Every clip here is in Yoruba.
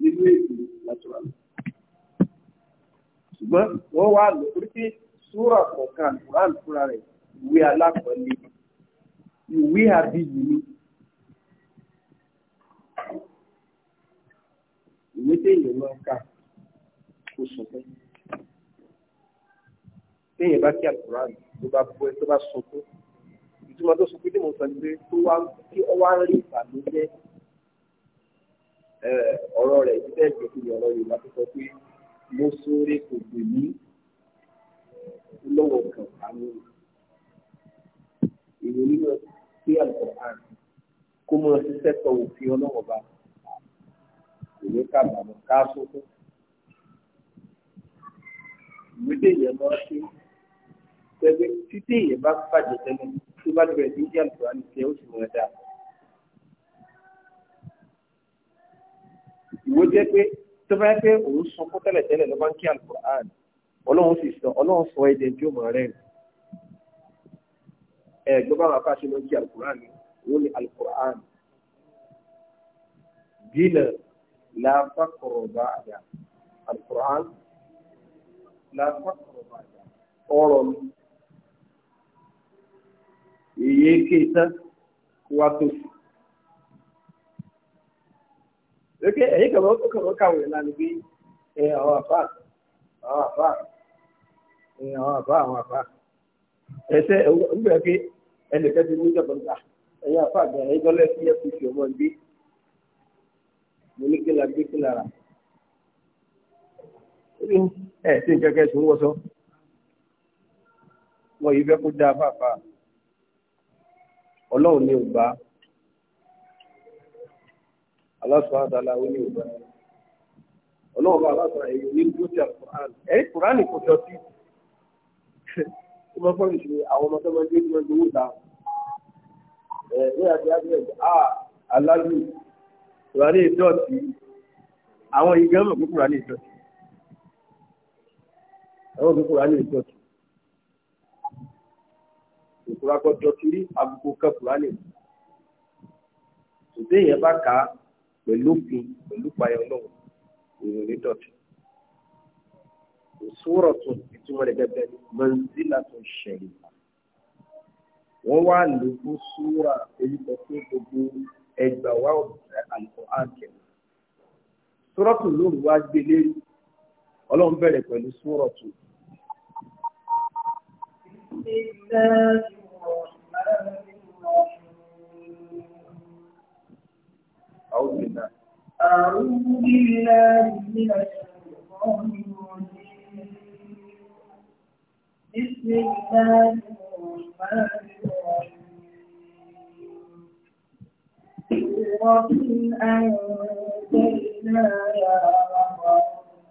nínú èdè natural. ṣùgbọ́n wọ́n wá lò ó pé sóra kọ̀ọ̀kan quran fúnra rẹ̀ ìwé alákọ̀ọ́lẹ̀ ìwé àbíyí ni. ìwé téèyàn máa ń kà kó sọ pé téèyàn bá kí àkùrán ló bá bọ́ ẹ tó bá sọ pé ìtumọ̀ tó sọ pé tí mo sọ ni pé tó wá ń rí ìbànújẹ́ ọ̀rọ̀ rẹ̀ títẹ̀ ìgbésí ọ̀rọ̀ Yorùbá tó sọ pé mo sóore kò gbè mí lọ́wọ́ kan àmì ìròyìn náà pé àlùkò àrùn kó mọ ṣiṣẹ́ tọ òfin ọlọ́wọ́ bá ìwé kàbàmọ́ ká sókó. ìwé dèyẹ máa ṣe pẹ̀lú títí èyẹ bá bàjẹ́ tẹ́lẹ̀ tó bá bẹ̀rẹ̀ sí ìdí àlùkò àrùn tiẹ̀ ó sì mọ̀ ẹ́ dáa. ìwọ jẹ́ pé tó bá yẹ pé òun sunkún tẹ́lẹ̀tẹ́lẹ̀ ló máa ń kí alukur'an ọlọ́run sì sọ ọlọ́run sọ ẹ̀jẹ̀ tí ó mọ̀ rẹ̀ ẹ̀ gbọ́ bá wà fà ló ń kí alukur'an wọ́n ní alukur'an dínà láfàkọ̀rọ̀ àdá alukur'an láfàkọ̀rọ̀ àdá ọ̀rọ̀ mi èyí kéta wá tó sí. lókè ini kalau, ó kalau káwọn èèyàn lánàá eh apa, apa, eh apa, apa, àfà àwọn àfà ẹsẹ̀ ńgbà pé ẹnìkan ti mú ìjọba níta siapa àfà àgbà ẹ̀yìn dọ́lẹ̀ sí fcc ọmọ ìgbé mo ní kíla gbé kíla rà ẹ̀ sí nǹkan kẹ́sì ń wọ́sọ́ wọ́n yìí fẹ́ aláṣọ àdàlà oní òbá ọlọ́run bá aláṣọ èyí ní dúró ti àkùrán ẹ̀yìn kùrán kò jọ sí ọmọ fọ́ọ̀mù ṣe àwọn ọmọ tó máa ń gbé gbé owó dà ẹ̀ ní àti àgbẹ̀ à aláàlú kùrán ìdọ̀tí àwọn ìgbẹ́mọ̀ kó kùrán ìdọ̀tí àwọn òbí kùrán ìdọ̀tí ìkúrakọjọ kiri àbùkù kẹkùrán ìdọ̀tí ìdí ìyẹn bá kà á pẹ̀lú òfin pẹ̀lú payọ̀ náà èèyàn ní dọ̀tí. Òṣùwọ̀rọ̀ tún ìtumọ̀ rẹ̀ gẹ́gẹ́ ní Manzila tó ṣẹlẹ̀. Wọ́n wá lò fún súwọ́rà orúkọ fún gbogbo ẹgbà wá àlùkò áàkẹ́rù. Súrọ̀tù lóru wá gbé lérí. Ọlọ́run bẹ̀rẹ̀ pẹ̀lú súrọ̀tù. Ìlẹ́ ìwọ̀n náà ni. أعوذ بالله أعوذ بالله من الشيطان الرجيم بسم الله الرحمن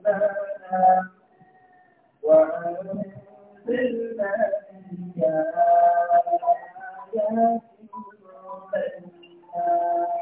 الرحيم وأنزلنا فيها آيات بينات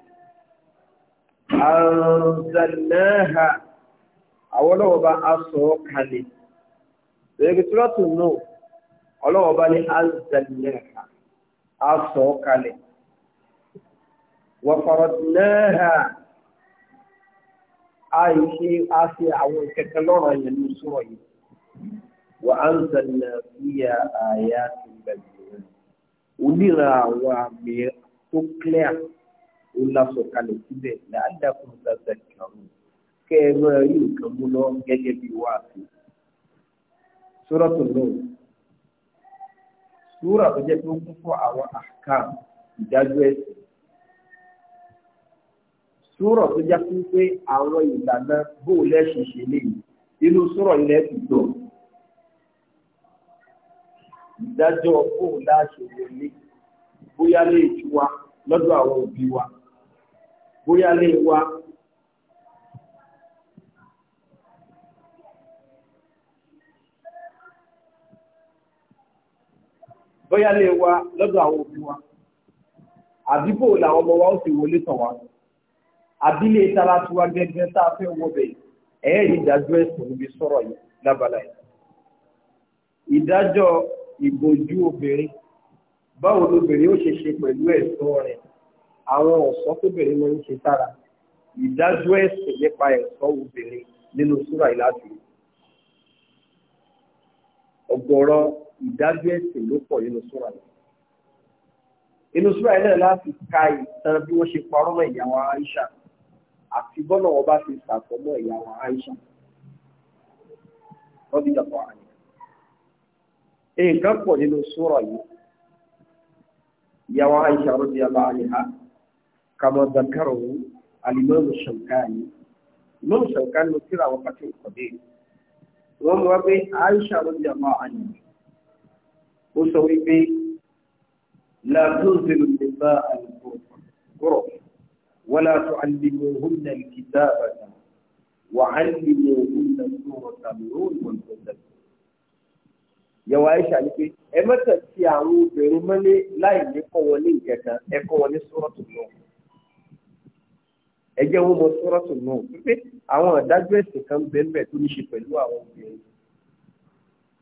anzalnaha àwọn ọlọ́wọ́ bá a sọ ọ́ kalẹ̀ bẹ̀rẹ̀ sọ́tù nù ọlọ́wọ́ bá ní anzalnaha a sọ ọ́ kalẹ̀ wa àwọn kẹkẹ lọ́rọ̀ tó clear ó lásọ kalẹ̀ síbẹ̀ láàdàkùn sáza kàrún kẹ́ ẹ máa rí nǹkan mú lọ gẹ́gẹ́ bí wàá fi. Sóràtò náà sóòrà tó jẹ́ pé ó kún fún àwọn àkàm ìdájọ́ ẹ̀sìn. Sóòrà tó jẹ́ pé àwọn ìlànà bóòlù ẹ̀sìn ṣe léyìí inú sóòrà ilẹ̀ ti dọ̀. Ìdájọ́ bóòlù àṣẹ wọlé bóyá lè ju wa lọ́dọ̀ àwọn òbí wa bóyá lè wá. bóyá lè wá lọ́dọ̀ àwọn òbí wa àdúgbò làwọn ọmọ wa ó sì wọlé tàn wá àbílẹ̀ tara tiwa gẹ́gẹ́ tá a fẹ́ wọbẹ̀ ẹ̀yẹ́ ìdájọ́ ẹ̀sùn níbi sọ̀rọ̀ yìí lábala yìí ìdájọ́ ìbojú obìnrin báwo lobìnrin ó ṣe ṣe pẹ̀lú ẹ̀sọ́ rẹ̀ àwọn ọ̀ṣọ́ tóbìnrin máa ń ṣe sára ìdájọ́ ẹ̀sìn nípa ẹ̀ṣọ́ obìnrin nínú súrà ìlàjù ọ̀gọ̀rọ̀ ìdájọ́ ẹ̀sìn ló pọ̀ nínú súrà yìí inú súrà yìí náà láti ka ìtàn bí wọ́n ṣe parọ́ mọ́ ìyàwó Aisha àti bọ́nà wọn bá ti sàtọ̀ mọ́ ìyàwó Aisha nǹkan pọ̀ nínú súrà yìí ìyàwó Aisha rọ́bì aláàlẹ́ ha. كما ذكره الإمام الشوكاني الإمام الشوكاني مثل على وقت القديم وهو أبي عائشة رضي الله عنها وسوي بي لا تنزل النساء الغرف ولا تعلموهن الكتابة وعلموهن سورة النور والهدى yẹwò aisha ni pé ẹ mẹ́tẹ̀ẹ̀tì àwọn obìnrin mọ́lé láì ní kọ́ wọn ẹ kọ́ wọn tó lọ́wọ́ ẹjẹ wọn mọ sọrọtù náà wípé àwọn àdájọ́ ẹ̀sìn kan bẹnbẹ tó ní ṣe pẹ̀lú àwọn obìnrin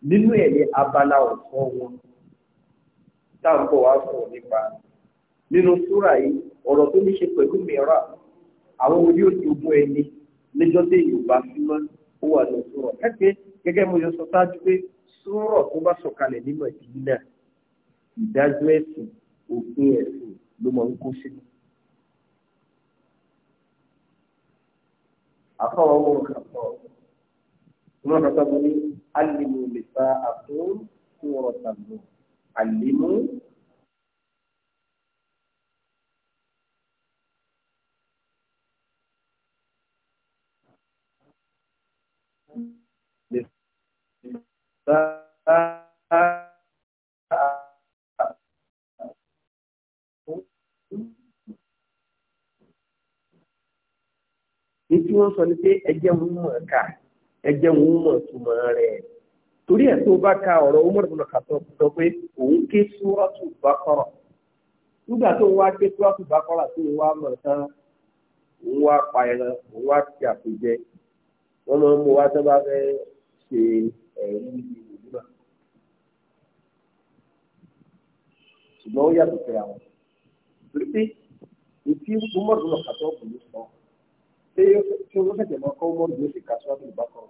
nínú ẹ̀ ní abala ọ̀tọ̀ wọn tá à ń bọ̀ wá sọ̀rọ̀ nípa nínú súrà yìí ọ̀rọ̀ tó ní ṣe pẹ̀lú mìíràn àwọn orí òjòògùn ẹni níjọ́ tí yorùbá fi mọ́ ó wà lọ sọ̀rọ̀ kẹ́kẹ́ gẹ́gẹ́ mo yọ sọ sáájú pé sọ̀rọ̀ tó bá sọ̀kalẹ̀ nímọ̀ ìdílé ìdájọ́ ẹ̀sìn òfin ẹ̀sìn ló máa ń kó sínú àfọwọ́ owó nǹkan pọ̀ ìmọ̀ nǹkan tó alimu lè fa àtún fún alimu. Bye. ètí wọn sọ ni pé ẹjẹ ń mọ ká ẹjẹ ń mọ túmọ̀ rẹ̀ torí ẹ̀ tó bá ka ọ̀rọ̀ Umar bin Khattab sọ pé òun ké súrọ́tù Baqara nígbà tó ń wá ké súrọ́tù Baqara tó ń wá mọ̀ tán ń wá pa ẹran ń wá ti àpèjẹ wọn máa ń mú wa tó bá fẹ́ ṣe ẹ̀rí ìlú náà ṣùgbọ́n ó yàtọ̀ síra wọn torí pé ìfi Umar bin Khattab kò ní sọ ṣé ṣé wọ́n ṣẹ̀ṣẹ̀ lọ kọ́ mọ́rù ló sì kásọ́ àti ìbákan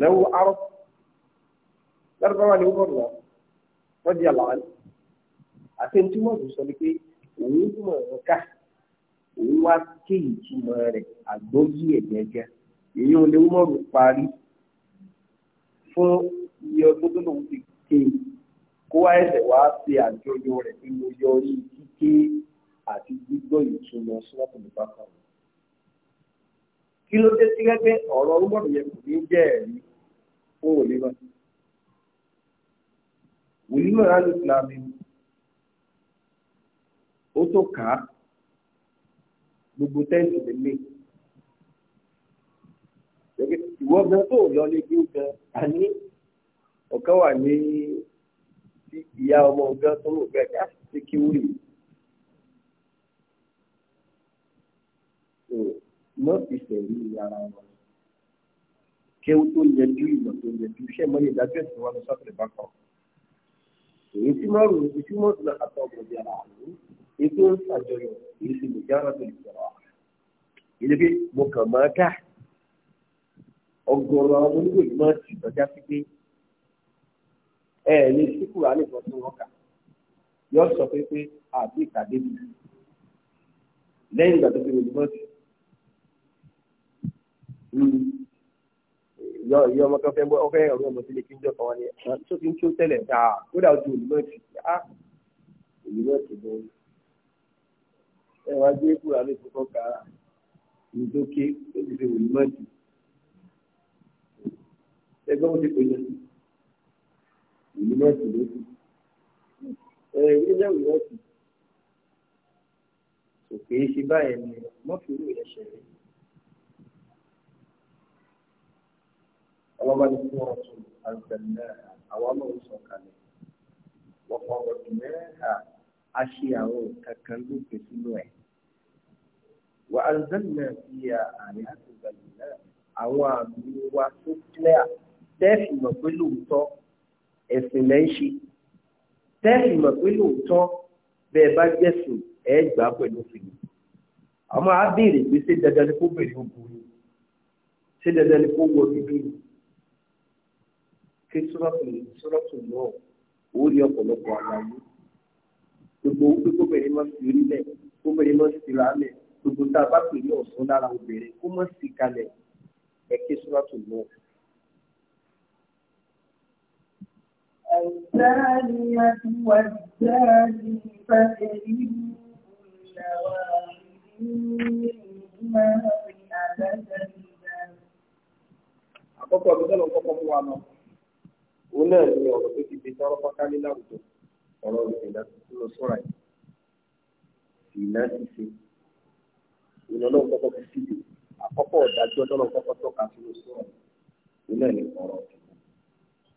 lẹ́wọ́ arọ́ lárúbáwá ni wọ́n lọ wọ́n di àlọ́ àlọ́ àti ẹni tí wọ́n sọ ni pé òun mọ̀ ọ́n ká òun wá ké ìtumọ̀ rẹ̀ àgbóyí ẹ̀gẹ́gẹ́ èyí ò lè wọ́ọ̀rù parí fún iye ọdún tó lòun ti ké kó wá ẹsẹ̀ wá ṣe àjọyọ̀ rẹ̀ pé yọrí kíké àti gbígbọ́ ìtumọ̀ sílọ́pù nípa kan. kí ló dé sí gẹ́gẹ́ ọ̀rọ̀ rúbọ̀dù yẹn kò ní jẹ́ ẹ̀rí fún òlímọ̀. òlímọ̀ ránú ìsìlámù ó tó kà á gbogbo tẹ́ǹtì lè mí. ìwọ gan tó lọ lé bí ó gan àní ọ̀kan wà ní ìyá ọmọ gan tó rò bẹ́ẹ̀ ká ṣe kí wúrì yìí. náà ti tẹ̀lé ara wọn kéwú tó yẹjú ìmọ̀ tó yẹjú iṣẹ́ mọ́lẹ̀ ìdájọ́ ẹ̀sìn wọn lọ sọ́kùnrin bá kàn. èyí tí wọ́n rò ní tí wọ́n ti náà àtọ́ ọmọdé ara àlọ́ èyí tó ń ṣàjọyọ̀ èyí sì lè jára tó lè jọra. ìdí pé mo kàn máa dá ọgọ́rọ̀ àwọn oníwèé máa ti tọ́já sí pé ẹ lè ṣíkù alẹ́ kan tó wọ́n kà sọ pé pé àbí ìtàdé mi lẹ́yìn ìgbà tó fi mo Hmm. ìyá ìyá ọmọ kan fẹ́ bọ́ ọfẹ́ ọ̀rọ̀ ọmọ sílé kí n jọ kan wọn ni tó ti ń kí ó tẹ́lẹ̀ dáa ah, kódà ojú òní náà ti á èyí náà ti bọ́ ẹ wá gbé kúrò àlè fún kọ́ka ní tó ké tó ti fi òní náà ti ẹgbẹ́ wọn ti pè òní náà ti lóṣù ẹ ilé náà òní náà ti kò ṣe báyẹn ni mọ́fìlú yẹn ṣẹlẹ̀. ọlọ́ba ní fún ọ̀tún àgbẹ̀lẹ́hà àwa náà sọ kalẹ̀ wọ́pọ̀ ọ̀dùnmẹ́hà a ṣe àwọn kankan lókè sínú ẹ̀ wà á zẹ́lẹ̀ sí àárín àtìgbàlẹ̀ náà àwọn àmì wa tó clear tẹ́ẹ̀fì mọ̀ pé lóòótọ́ ẹ̀sìn lẹ́ ń ṣe tẹ́ẹ̀fì mọ̀ pé lóòótọ́ bẹ́ẹ̀ bá jẹ́sìn ẹ̀ gbà pẹ̀lú fìlì ọmọ á pé ṣé dandan ni kó béèrè ogun ni ṣé dandan ni kó wọ bíbí ké sọ́rọ́tù sọ́rọ́tù náà ó rí ọ̀pọ̀lọpọ̀ àlàyé gbogbo owó gbogbo obìnrin máa fi rí lẹ̀ obìnrin máa fi ra lẹ̀ gbogbo tá a bá pè ní ọ̀sán lára obìnrin kó má sì kalẹ̀ ẹ ké sọ́rọ́tù náà. الثانية والثاني فاجلدوا كل واحد منهما مئة جلدة. أقول لك أنا òun náà ni ọ̀rọ̀ tó ti fi tọrọ pátálí láwùjọ ọ̀rọ̀ ìṣẹ̀dá tuntun lọ sọ́ra yìí ìná ṣíṣe ìná náà kọ́kọ́ fi síbi àkọ́kọ́ ọ̀dájọ́ tọ́lọ́ kọ́kọ́ tọ́ka sínú sọ́ra yìí òun náà ni ọ̀rọ̀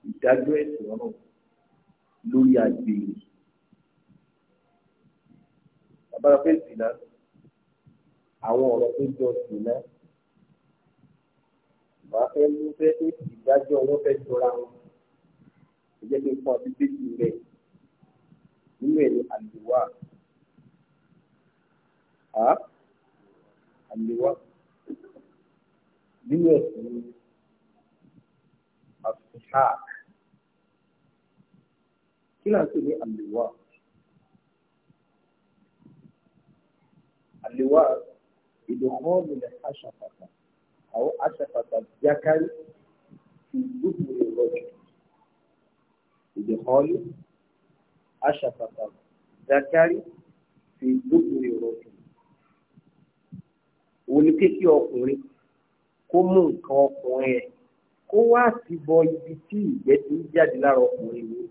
ìdájọ́ ẹ̀sìn ọ̀rọ̀ lórí agbèrè abára pé ìsìnà àwọn ọ̀rọ̀ tó jọ ìsìnà màá fẹ́ mú fẹ́ pé ìdájọ́ wọn fẹ́ jọra wọn ẹ̀jẹ̀ kí n kọ́ ọtí bíbí rẹ̀ nínú ẹ̀ ní àlùwà àlùwà nínú ẹ̀ sí àfihàn kí náà sì ní àlùwà. اللواء بدخول الحشفة أو حشفة الذكر في جبن الرجل ìdíkọ́lù aṣàpàtà zakari fi dókòrè rọ̀jù òun ni pé kí ọkùnrin kó mú nǹkan ọkùnrin ẹ̀ kó wá ti bọ ibi tí ìgbẹ́ ti ń lára ọkùnrin mi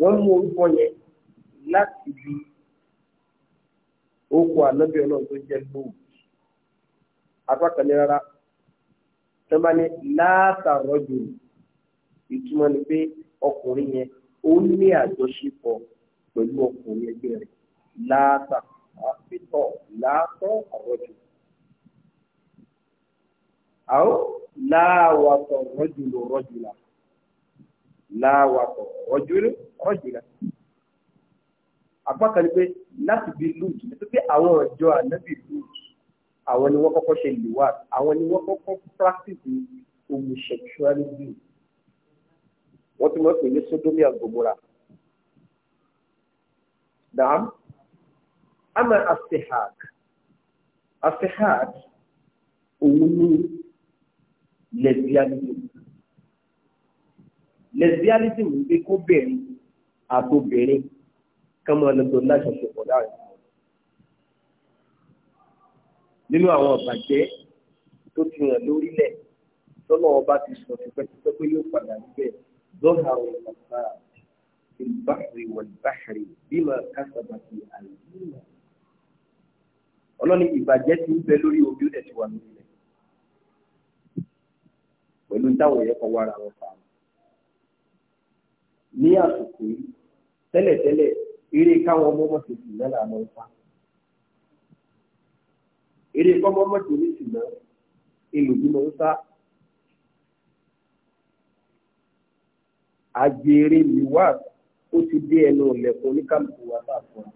wọ́n mú orúkọ ìtumọ̀ ni pé ọkùnrin yẹn ó ní àjọṣepọ̀ pẹ̀lú ọkùnrin ẹgbẹ́ rẹ̀ láàtà àfitọ̀ láàtọ̀ àrọ́jù. àwọn láàwàtọ̀ rọ́jù ló rọ́jù là láàwàtọ̀ rọ́jù ló rọ́jù là. apá kan ni pé láti bí lùd nítorí pé àwọn ọjọ́ ànábì lùd àwọn ni wọ́n kọ́kọ́ ṣe lùwà àwọn ni wọ́n kọ́kọ́ practice homosexuality wọ́n ti máa ń pè ní sodomi agomora dàm ama asehag asehag òun ní lesbianism lesbianism ń gbé kóbìnrin àtobìnrin kán máa lọ tó láṣọṣepọ̀ láàrin nínú àwọn ọ̀bàjẹ́ tó ti hàn lórílẹ̀ tọ́lọ́wọ́ bá ti sọ tipẹ́tipẹ́ pé yóò padà níbẹ̀ ظهر الفساد في البحر والبحر بما كسبت أيدينا ọlọ́ni ìbàjẹ́ ti ń bẹ lórí omi ó dẹ̀ ti wà nílẹ̀ pẹ̀lú táwọn èèyàn kan wára wọn fa ní àsìkò yìí tẹ́lẹ̀tẹ́lẹ̀ eré káwọn ọmọ ọmọ tètè náà là máa fa eré kọ́mọ́mọ́ tèmi sì náà elòdì máa ń sá àgbèrè liwa ó ti dé ẹnu ọ̀lẹ̀kùn oníkàlùkù wa tá a fọ́ ọ.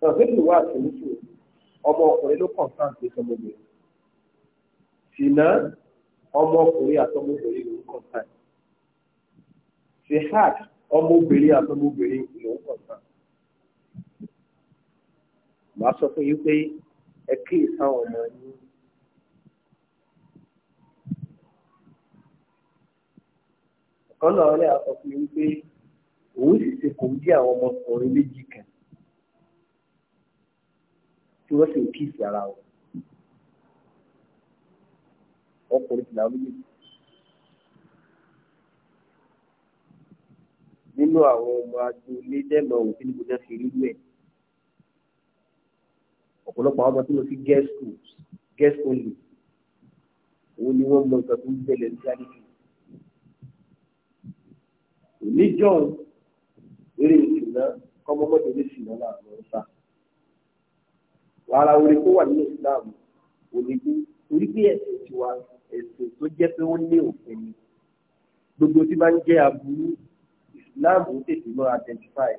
sọ̀rọ̀ liwa àtúnṣe ọmọkùnrin ló kàn sáà sí ọmọbìnrin ṣìnà ọmọkùnrin àtọmọbìnrin ló kàn sáà ṣe hajj ọmọbìnrin àtọmọbìnrin ló kàn sáà. màá sọ fún yín pé ẹ kí ìsáwọn ọmọ yín. ọ̀nà ọ̀lẹ́ àkọ́kọ́ ni wípé òun sì ṣe kò ń jẹ́ àwọn ọmọkùnrin méjì kan tí wọ́n sì ń kíìsì ara wọn ọkùnrin tìlà méjèèjì nínú àwọn ọmọ agboolé dẹ́mọ̀ òun tí níbo náà fi rí wẹ̀ ọ̀pọ̀lọpọ̀ àwọn ọmọ tí mo fi guest school guest only òun ni wọ́n mọ nǹkan tó ń bẹ̀rẹ̀ ní sáyẹ́ǹsì níjọ́ eré ìsìnà kọ́mọ́mọ́tò lè sìnà láàrin ọ̀sà wàhálà orí kó wà nínú ìsìláàmù onígbé orí bí ẹ̀sìn tiwa ẹ̀sìn tó jẹ́ pé wọ́n ní òfin ni gbogbo tí bá ń jẹ́ aburú ìsìláàmù tètè lọ identify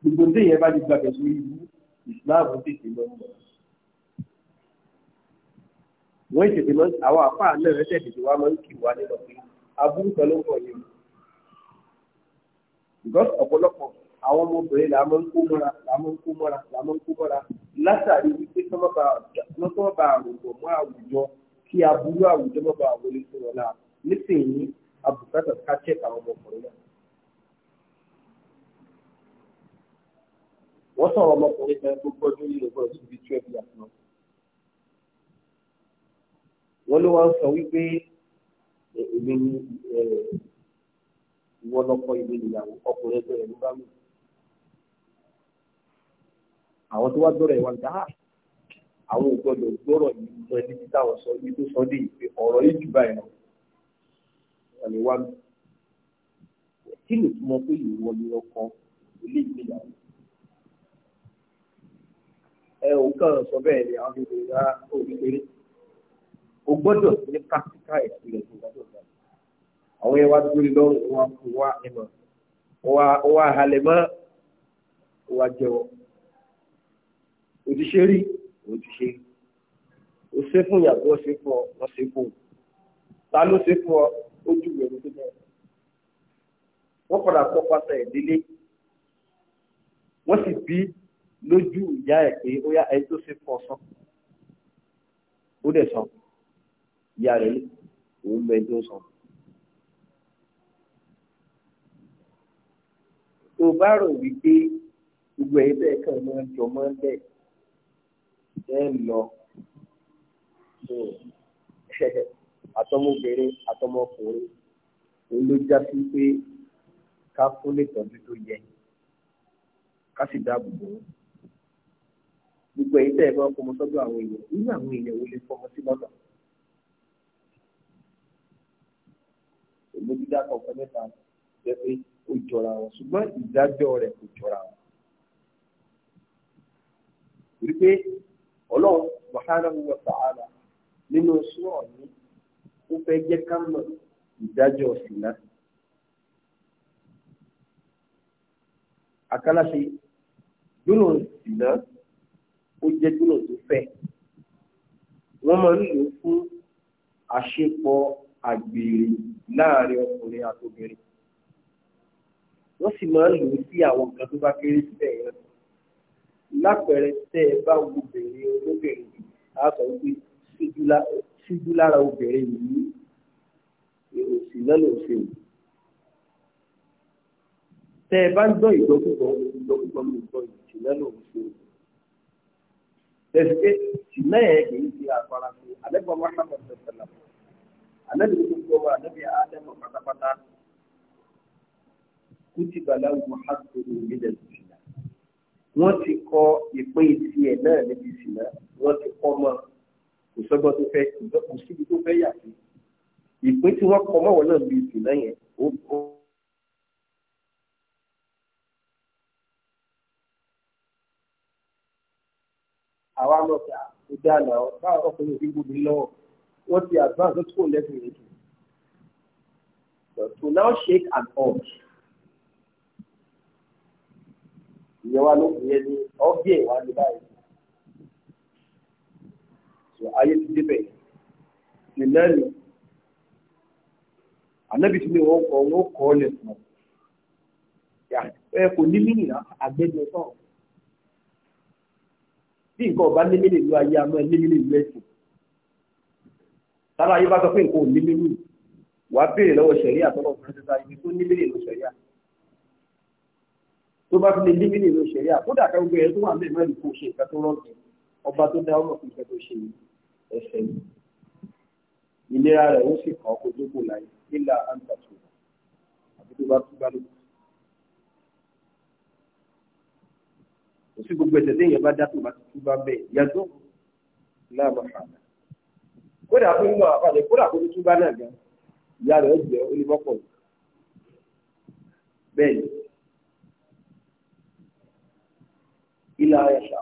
gbogbo tí èèyàn bá ti gbàgbé sórí ibú ìsìláàmù tètè lọ mọ̀ wọ́n ìtètè mọ́ àwọn àpá náà rẹ́sẹ̀ tètè wá mọ́ ń kì wá nínú ọ̀gbìn aburú kan ló ń pọ̀ yìí because ọ̀pọ̀lọpọ̀ àwọn ọmọbìnrin là máa ń kó mọ́ra là máa ń kó mọ́ra là máa ń kó mọ́ra látàrí wípé sọ́mọ́ba sọ́mọ́ba àròbọ̀ mọ́ àwùjọ kí aburú àwùjọ mọ́ba àwọlé fún wọn náà nísìnyí abùkátà ká check àwọn ọmọkùnrin náà. wọ́n sọ̀rọ̀ ọmọkùnrin kan tó gbọ́jú nílò bọ́ọ̀ sí ibi twelve years náà. wọ́n ló wá ń sọ wípé èmi ní ìwọ lọ́kọ ìlú ìyàwó ọkùnrin ẹgbẹ́ rẹ̀ ló bá mi. àwọn tó wá gbọ́rọ̀ ẹ̀wà dáhà ah, àwọn ò gbọ́dọ̀ gbọ́rọ̀ yìí lọ ní títà ọ̀sọ́ ibi tó sọ dé ìpè ọ̀rọ̀ yìí jù báyìí lọ. wọ́n lè wá mi. kí ni ìtumọ̀ pé ìwọ ni ọkọ ilé ìgbéyàwó? ẹ ò kàn sọ bẹ́ẹ̀ ni àwọn kékeré rá òbí kéré o gbọ́dọ̀ ní practical experience gbọ́dọ̀ gbà àwọn yẹn wá dúró lọ́rùn wọn kò wá ìmọ̀ wọn wá halẹ̀ mọ́ wọn jẹ́wọ́ òjíṣẹ́ rí òjíṣẹ́ o ṣe fún yàtọ̀ ṣe fún ọ wọ́n ṣe fún ọ ta ló ṣe fún ọ ó jù wẹ̀rù tó bẹ̀rẹ̀ wọ́n padà kọ́ pátá ẹ̀ délé wọ́n sì bí lójú ìyá ẹ̀ pé ó yá ẹ̀ tó ṣe fún ọ sọ ó dẹ̀ sọ. yarịrị rẹ̀ òun bẹ tó sàn. tó bá rò wípé gbogbo ẹ̀yìn bẹ́ẹ̀ kàn máa jọ máa ń bẹ̀ ẹ̀ lọ àtọmọbìnrin àtọmọkùnrin òun ló já sí pé ká fún lè tó yẹ ká sì dáàbò bò gbogbo ẹ̀yìn fọmọ sọ́dọ̀ àwọn èèyàn nínú àwọn èèyàn ṣùgbọ́n dídá kọ̀ọ̀kan mẹ́ta jẹ́ pé ó jọra wọn ṣùgbọ́n ìdájọ́ rẹ̀ kò jọra wọn. torí pé ọlọ́run subhanahu nínú sùúrà ní ó fẹ́ jẹ́ ká mọ̀ ìdájọ́ sìnà. àkàlàṣe gbólóhùn sìnà ó jẹ́ tó fẹ́ wọ́n máa ń lò ó fún àṣepọ̀ àgbèrè láàrin ọkùnrin àtobìnrin wọ́n sì máa ń lò ó sí àwọn nǹkan tó bá kéré síbẹ̀ yẹn lápẹẹrẹ tẹ́ ẹ bá wo obìnrin olóbìnrin á sọ pé síjú lára obìnrin yìí èrò sí náà ló ṣe o tẹ́ ẹ bá ń gbọ́ ìgbọ́kúgbọ́ ìgbọ́kúgbọ́ ló ń gbọ́ ìjì náà ló ń ṣe o tẹ̀sí pé tìmẹ́ẹ̀ẹ́ kì í ṣe àfarasí àlẹ́gbọ́n máa ń bá ọ̀sẹ̀ ànábì gbogbo wa ànábì ádámù pátápátá kútìbà láwùjọ hàtòrò mílẹ̀ ìsìnà wọ́n ti kọ ìpín ìsìn ẹ̀ náà níbi ìsìnà wọ́n ti kọ́ mọ́ kò sọ́gbọ́n tó fẹ́ kò síbi tó fẹ́ yà sí ìpín tí wọ́n kọ mọ́wọ́ náà níbi ìsìnà yẹn ó kọ́. àwa lọ sí àkójá náà báwọn ọkùnrin òbí gbòdì lọ́wọ́. What ti advance wọ́n ti kó lẹ́sìn So to now shake and urge ìyẹn wa ló yẹ ní ọ́bí ẹ̀ wá ní báyìí so ayé ti débẹ̀ ìlẹ́nu ànábì tí mi wọ́n kọ́ wọ́n kọ́ ọ́ lẹ̀ fún ọ ẹ kò ní mìíràn àgbẹ̀dẹ sọ̀rọ̀ bí nǹkan ọba ní mílíọ̀nù ayé àmọ́ ẹ ní mílíọ̀nù ẹ̀sìn tára ayé bá sọ pé nǹkan ò ní mímú wà á béèrè lọ́wọ́ sẹ̀ríà tọ́lọ́ fún ẹ̀sẹ̀ sáyé tó ní mímú ìlú sẹ̀ríà tó bá fi lè ní mímú ìlú sẹ̀ríà kódà kẹ́gbẹ́ ẹ̀ tó wà mẹ́rin mẹ́rin kò ṣe nǹkan tó rọ́ọ̀kì ọba tó dá ọmọ fún nǹkan tó ṣe ẹsẹ̀ yìí ìlera rẹ̀ ó sì kàn kó dókò láyé nílà àǹtàtù àti tó bá tún gbálùkù. kò sí gbogbo ẹ̀sẹ̀ téèyàn bá dá tó bá tún bá bẹ́ẹ̀ yàtọ̀ kódà fún ìgbà àpàdé kódà kó tó túbá náà gan ìyá rẹ̀ ó jẹ́ onímọ́pọ̀ bẹ́ẹ̀ ni ilà ẹ̀ṣà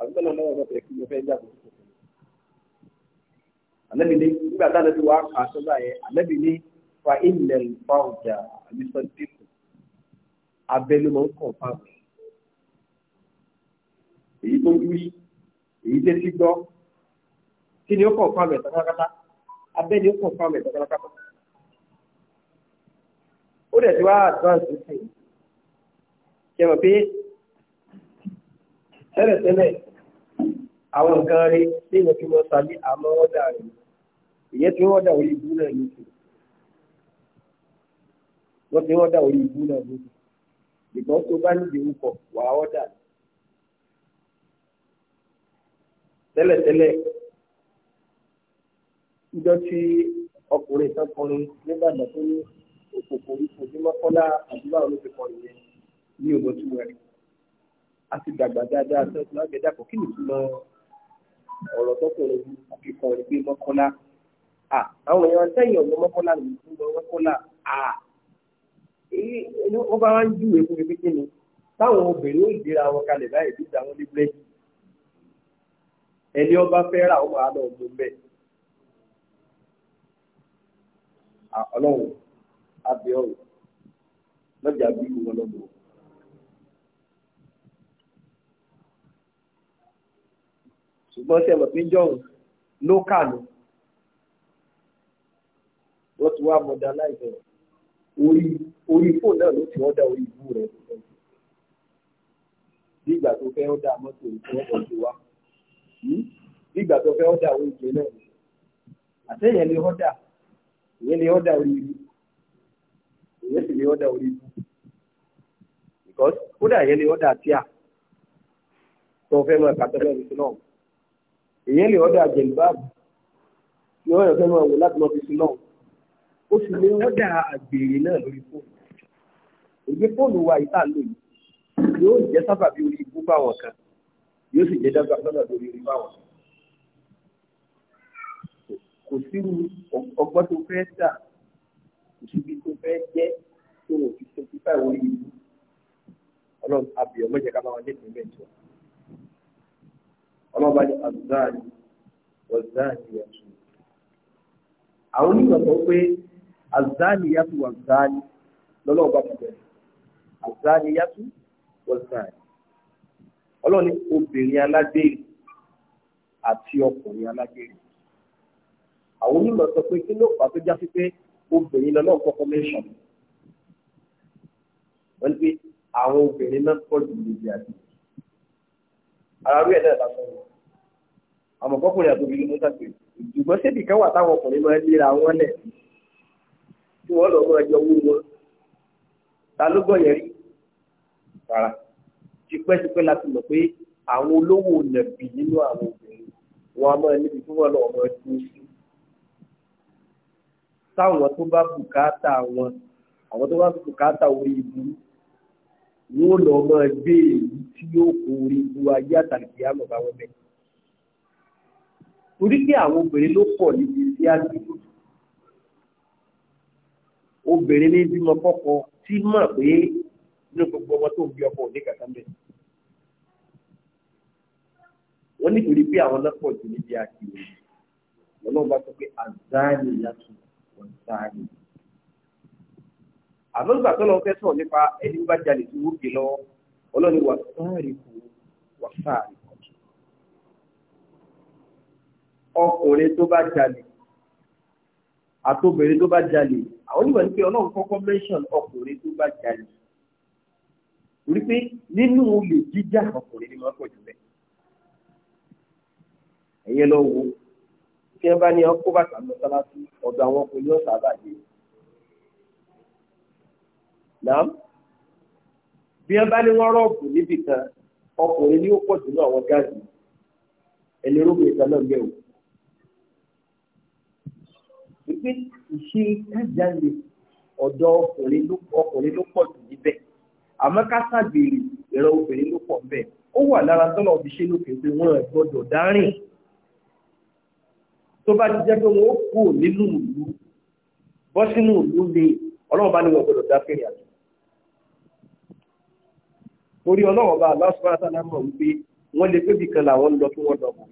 àbúkọ́ náà lọ́wọ́ ọ̀fẹ́ kí mo fẹ́ jáde tó kọ̀ àlẹ́bí ní nígbà táwọn ẹbí wa kà sọ́gbà yẹn àlẹ́bí ní fa ilẹ̀ ìfọ̀jà àbísọ́ dípò abẹ́lé kọ̀ fáwọn èyí tó ń èyí tẹ́tí gbọ́ kí ni ó kàn fún àmì ìtàkàkàtà abẹ́ ni ó kàn fún àmì ìtàkàkàtà. ó dẹ̀ ti wá advance sí i ṣe mọ̀ pé tẹ́lẹ̀tẹ́lẹ̀ àwọn nǹkan rí tí mo fi mọ sàlí àmọ́ ọ̀dà rẹ̀ ìyẹn tí wọ́n dà orí ìbú náà lóṣù wọ́n ti wọ́n dà orí ìbú náà lóṣù ìgbọ́n tó bá nídìí orúkọ wà á ọ̀dà tẹ́lẹ̀tẹ́lẹ̀ níjọ́ tí ọkùnrin kan kọrin nígbàdàn tó ní òkòkò ojúmọ́kọ́lá àdúrà olóṣèlú kọrin yẹn ní ọmọtúmọ̀ rẹ̀ a ti dàgbà dáadáa sẹ́kùn lágbẹ̀dàpọ̀ kí ni ìtumọ̀ ọ̀rọ̀ tọkùnrin akẹ́kọ̀ọ́ rẹ̀ pé mọ́kọ́lá à àwọn èèyàn sẹ́yìn ọ̀gbọ́n mọ́kọ́lá mi ń lọ mọ́kọ́lá à èyí wọ́n bá ń júwèé fún mi pé kí ni táwọn obìnrin ó gbéra wọn kalẹ̀ báyìí bí ìdáwọn ní búrẹ́dì ẹni ọba fẹ́ ra ọmọ àlọ́ ọ̀gbọ́n bẹ́ẹ̀ ọlọ́run abẹ́ ọ̀rọ̀ lọ́jà bí ìwọ lọ́dọ̀. ṣùgbọ́n ṣe mọ̀ pé jọ̀hún lókà ni wọ́n ti wá mọ̀dá láìpẹ́ orí orí fóònù náà ló ti wọ́n dá orí ìbú rẹ̀ bí ìgbà tó fẹ́ ọ́ dá mọ́tò ìfowópamọ́ ti wá bí ìgbà tó fẹ́ ọ́ dá orí ìgbé náà àtẹ̀yẹ̀ ni ọ́ dà ìyẹn lè ọ̀dà orí ibi ìyẹn sì lè ọ̀dà orí ibi because kódà ìyẹn lè ọ̀dà tíà tó fẹ́ máa kàtọ́ lẹ́nu sí náà ìyẹn lè ọ̀dà jẹ̀lúbáàbù tí wọ́n yàn fẹ́ máa wò láti lọ́ọ́ fi sí náà ó sì lè ọ̀dà àgbèrè náà lórí fóònù èyí fóònù wa yìí tá a lò yìí yóò jẹ́ sábàbí orí ibú báwọn kan yóò sì jẹ́ dábàá lọ́dọ̀ lórí ibú báwọn kan kò sírú ọgbọ́n tó fẹ́ tà kò síbi tó fẹ́ jẹ́ tó o fi twenty five wọ́n yìí ọlọ́run àbí ọmọ ìjẹ̀ká máa wà ní ìpínlẹ̀ ìjọ ọlọ́run bá ní àdúgbàní wọ̀záàní yàtú àwọn onígbà sọ pé àzáàní yàtú wọ̀záàní lọ́lọ́run bá ti bẹ̀rẹ̀ àzáàní yàtú wọ̀záàní ọlọ́run ní obìnrin alágbèrè àti ọkùnrin alágbèrè àwọn onímọ̀ sọ pé kí ló fà tó já sí pé obìnrin lọ náà kọ́kọ́ mẹ́sàn. wọ́n ní pé àwọn obìnrin náà pọ̀ jù lóde àti ara rí ẹ̀dá ìbáṣọ wọn. àmọ́ kọ́kùnrin àti obìnrin ló ń tàgbé ṣùgbọ́n ṣébì kan wà táwọn ọkùnrin máa ń lera wọn lẹ̀ tí wọ́n lọ́ọ́ máa jọ wú wọn. ta ló gbọ́ yẹn rí? rárá tipẹ́tipẹ́ láti mọ̀ pé àwọn olówó nàbì nínú àwọn obìnrin wọn a máa níbi tí wọ́n lọ́ọ́ máa dúró sí táwọn tó bá bùkátà wọn àwọn tó bá bùkátà orí ibu wọn lọ máa gbé èyí tí yóò kó orí ibu ayé àtàlùkì àmọ̀ bá wọn bẹ̀. torí pé àwọn obìnrin ló pọ̀ níbi tí a ti lò obìnrin ní bímọ kọ́kọ́ tí mọ̀ pé nínú gbogbo ọmọ tó ń bí ọkọ òde kàkà mẹ́rin wọ́n nítorí pé àwọn lọ́pọ̀ jù níbi àkìlẹ̀ ọlọ́run bá sọ pé àzáàlì yàtọ̀ wọ̀nyí àmọ́ ìgbà tó lọ́n fẹ́ sọ̀rọ̀ nípa ẹni bá jalè tó wó gbé lọ́wọ́ ọlọ́ni wà sáàrì kù wà sáàrì kù. ọkùnrin tó bá jalè àtobìnrin tó bá jalè àwọn onímọ̀ ní pé ọlọ́run kọ́kọ́ mẹ́ṣọ̀n ọkùnrin tó bá jalè torí pé nínú olè jíjà ọkùnrin ni wọ́n pọ̀ jù bẹ́ẹ̀ ẹ̀yẹ lọ́wọ́ kí ẹ bá ní ọkọ bàtà mọ́sálásí ọ̀dọ̀ àwọn ọkùnrin yóò sábà dé. Nàám bí ẹ bá ní wọ́n rọ̀ọ̀bù níbì kan ọkùnrin ni ó pọ̀ jù ní àwọn gáàsì ẹlẹ́rọ̀bìnrin kan náà lẹ́wọ̀. Wípé ìṣe kájàlè ọ̀dọ̀ ọkùnrin ló pọ̀ jù níbẹ̀. Àmọ́ ká ṣàgbèrè ìran obìnrin ló pọ̀ níbẹ̀. Ó wà lára tọ́lọ̀ fi ṣe lókè pé wọ́n gbọ́dọ̀ dárìn tó bá ti jẹ́ pé wọ́n kú nínú ìlú bọ́ sínú ìlú lè ọlọ́run bá ní wọ́n gbọ́dọ̀ dá fẹ́rẹ̀ àjò torí ọlọ́run bá aláṣọ àtàlà mọ̀ wípé wọ́n lè pébì kan làwọn lọ kí wọ́n lọ bọ̀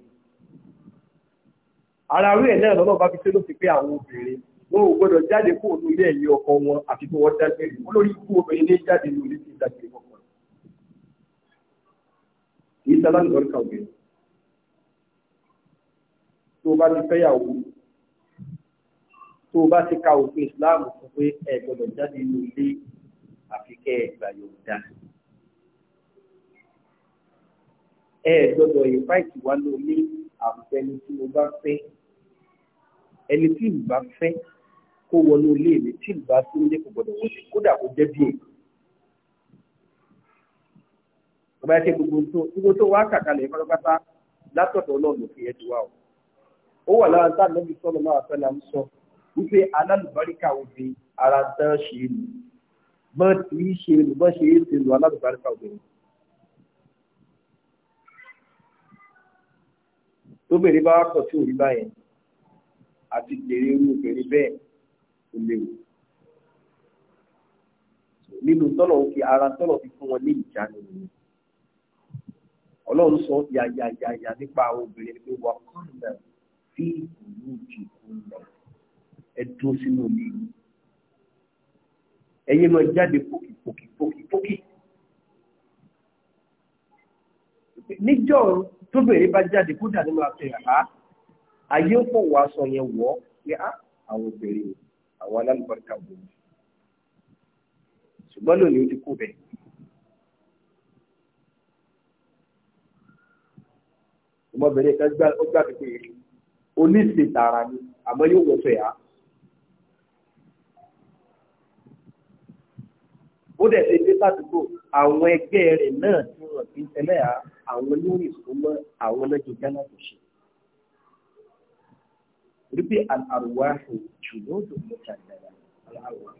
ara rí ẹ̀ náà lọ́nà bá fi ṣe ló fi pé àwọn obìnrin wọn ò gbọ́dọ̀ jáde kó òun ilé ẹ̀yìn ọkọ wọn àti kó wọ́n dágbére wọn lórí ikú obìnrin ní jáde ní orí ti dágbére ọkọ rẹ̀ kì í kàwé tó o bá ti fẹ́yàwó tó bá ti ka òfin Islam fún pé ẹ gbọ́dọ̀ jáde nínú ilé àfikẹ́ ẹgbà Yorùbá ẹ gbọ́dọ̀ ìfáìtì wá lórí àfẹni tí mo bá fẹ́ ẹni tí ìlú bá fẹ́ kó wọnú ilé mi tí ìlú bá sí ilé kò gbọ́dọ̀ wọlé kódà kó jẹ́ bí èyí. ọba ẹ̀ṣẹ̀ gbogbo gbogbo tó wá kàkálẹ̀ pátápátá látọ̀dọ̀ ọlọ́run òfin ẹ̀ ti wá o ó wà lára tá ànábì sọ́nà máa fẹ́ la ń sọ wípé alálùbáríkà obìnrin ara tán ṣe é nù bọ́n ti í ṣe nù bọ́n ṣe é ṣe nù alálùbáríkà obìnrin. tóbìnrin bá pọ̀ tí ò rí báyẹn àti jèrè irú obìnrin bẹ́ẹ̀ kò léwu nínú tọ́lọ̀ òkè ara tọ́lọ̀ fi fún wọn ní ìjánu nìyẹn ọlọ́run sọ yàyàyàyà nípa obìnrin pé wà kọ́ńdà fi ìlú jìkún lọ ẹdúró sínú omi ẹyẹ máa jáde pòkì pòkì pòkì pòkì níjọ́ tóbìnrin bá jáde kódà ní máa fẹ́ àá ayé pọ̀ wá sọ yẹn wọ́ pé á àwọn obìnrin àwọn alálùbáríkà wò ó ṣùgbọ́n lónìí ó ti kó bẹ́ẹ̀. ọmọbìnrin kan gbá ó gbá pípé yìí oníṣe tààrà ni àmọ́ yóò wọ́n fẹ́ yá. ó dẹ̀ ṣe dé sádùúgbò àwọn ẹgbẹ́ rẹ̀ náà tí wọ́n ti ń tẹ́lẹ̀ á àwọn onírìn tó mọ́ àwọn ọlọ́jọ́ gánà tó ṣe. rí bí àrùwá jù ló dùn mọ́ ṣàdáyà aláwọ̀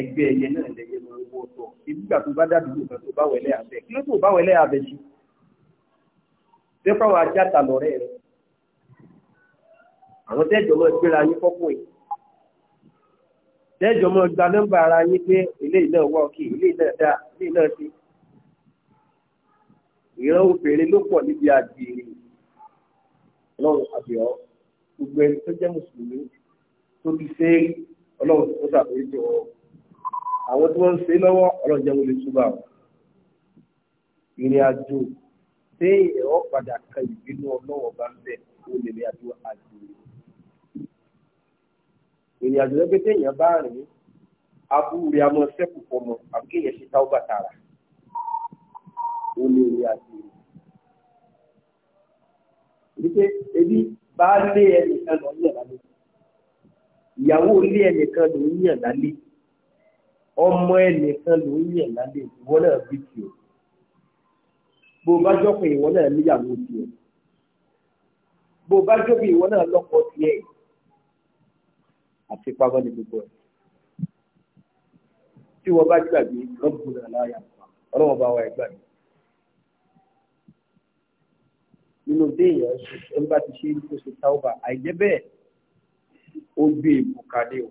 ẹgbẹ́ ẹyẹ náà lẹ́yẹ máa ń wọ́ tọ̀ ìgbà tó bá dàdúgbò kan tó bá wẹ̀lẹ́ abẹ kí ló tó bá wẹ̀lẹ́ abẹ sí dẹ́pọ̀ àwọn ajá ta lọ́rẹ́ rẹ̀ àwọn tẹ́jọ́ mọ́ gbéra yín fọ́kùn yìí tẹ́jọ́ mọ́ gba nọ́mbà ara yín pé eléyìí náà wà òkè eléyìí náà dáa eléyìí náà sí ìran òfèrè ló pọ̀ níbi àgbèrè ọlọ́run àbíọ́ gbogbo ẹni tó jẹ́ mùsùlùmí tó ti ṣe é ọlọ́run tó ṣàbẹ̀wò jọ àwọn tí wọ́n ń ṣe lọ́wọ́ ọlọ́run jẹ́ wọlé túbà ìrìn àjò ṣé ẹ̀rọ padà kan ìbínú ọlọ́wọ́ bá ń bẹ̀ ó lè rí adúlọ àgbèrè. ìrìn àjò lẹ́gbẹ́ téèyàn bá rìn aburú rẹ̀ a mọ sẹ́kù fọmọ àbí kéèyàn ṣe táwọn bàtà rà ó lè rí àgbèrè. wípé ebi bá lé ẹnìkan lọ yàn lálẹ́ ìyàwó lé ẹnìkan lọ yàn lálẹ́ ọmọ ẹnìkan lọ yàn lálẹ́ ìwọ náà bí tiẹ̀ bó bá jọ́pin ìwọ náà níyàwó tiẹ̀ bó bá jọ́pin ìwọ náà lọ́kọ tiẹ̀ àti pamọ́ ní gbogbo ẹ̀ tí wọ́n bá gbàgbé lọ́gbọ̀n náà láyà ọlọ́wọ́n bá wà ẹ̀ gbàgbé nínú déèyàn ń bá ti ṣe kó ṣe táwọ́bà àìjẹ́ bẹ́ẹ̀ ó gbé ìbùkálé o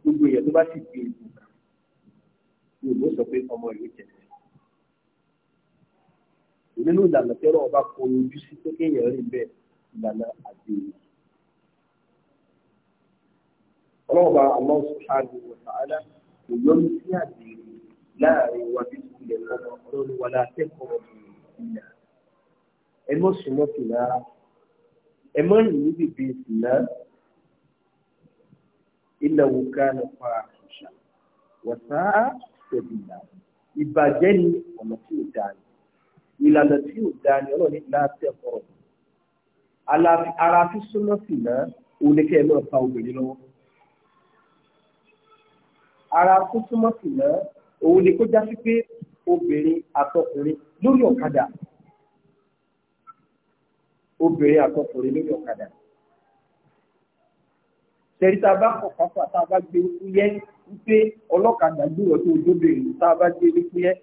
gbogbo èèyàn tó bá sì gbé ìbùkà yóò sọ pé ọmọ ìlú jẹ nínú ìlànà tẹ́rọ ọba kọ ojú sí pé kéèyàn rí bẹ́ẹ̀ ìlànà àdéhùn. ọlọ́ọ̀ba Allah subhanahu wa ta'ala kò yọrí sí àdéhùn láàrin wa bí ilẹ̀ ọmọ ọlọ́ni wa látẹ́kọ̀ọ́ ìlà. ẹ mọ̀ súnmọ́ fìlà ẹ mọ̀ rìn ní bèbè fìlà ilẹ̀ ká lọ fa àṣà wọ̀sá ṣẹ̀bìlà ìbàjẹ́ ni ọ̀nà tí ò dáa ni ìlànà tí ò dáa ni ọlọ́run ní láti ẹ̀kọ́ ara fi súnmọ́ sí náà òun ni kẹ́ ẹ máa fa obìnrin lọ́wọ́ ara fi súnmọ́ sí náà òun ni kó já sí pé obìnrin àtọkùnrin lórí ọ̀kadà obìnrin àtọkùnrin lórí ọ̀kadà tẹ̀rí tá a bá kọ̀ pápá tá a bá gbé fúyẹ́ wípé ọlọ́kadà gbé wọ́n tó dóbìnrin tá a bá gbé fúyẹ́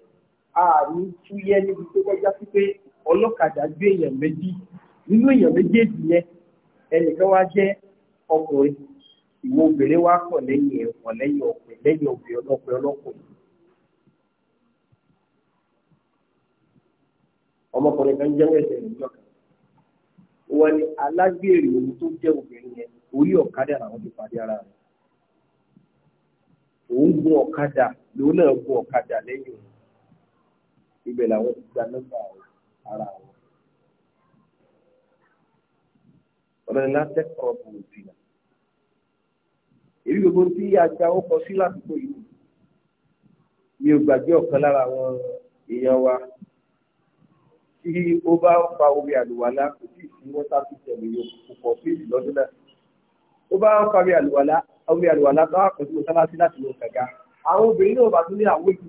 ààrí túyẹ́ níbi tó kọjá sí pé ọlọ́kadà gbé èèyàn méjì nínú èèyàn méjèèjì yẹn ẹnìkan wá jẹ́ ọkùnrin ìwọ obìnrin wá pọ̀ lẹ́yìn ẹ̀wọ̀n lẹ́yìn ọ̀pẹ lẹ́yìn ọ̀pẹ ọlọ́pẹ ọlọ́kùnrin. ọmọkùnrin kan jẹ́ ẹsẹ̀ ìjọ kan wọ́n ní alágbèrè òun tó jẹ́ obìnrin yẹn orí ọ̀kadà làwọn ti pàdé ara rẹ̀ òun gun ọ̀kadà lòun náà gun ọ̀kadà lẹ́yìn òun ibẹ̀ làwọn ti gba nọ́mbà ara wọn. ọ̀rọ̀ ńlá tẹ́kọ̀ọ́ bò dìnnà. èyí gbogbo tí ajá ó kọ sí lásìkò yìí mi ò gbàgbé ọ̀kan lára àwọn èèyàn wa tí ó bá fa omi àlùwàlá kò tí ì sí wọ́n sá fi tẹ̀lé yòó kò pọ̀ sí ìlọ́dún náà ó bá ń fari àlùwàlá omi àlùwàlá bá kò sí mọ́sálásí láti lọ kàga àwọn obìnrin náà bá tún ní àwọn ojú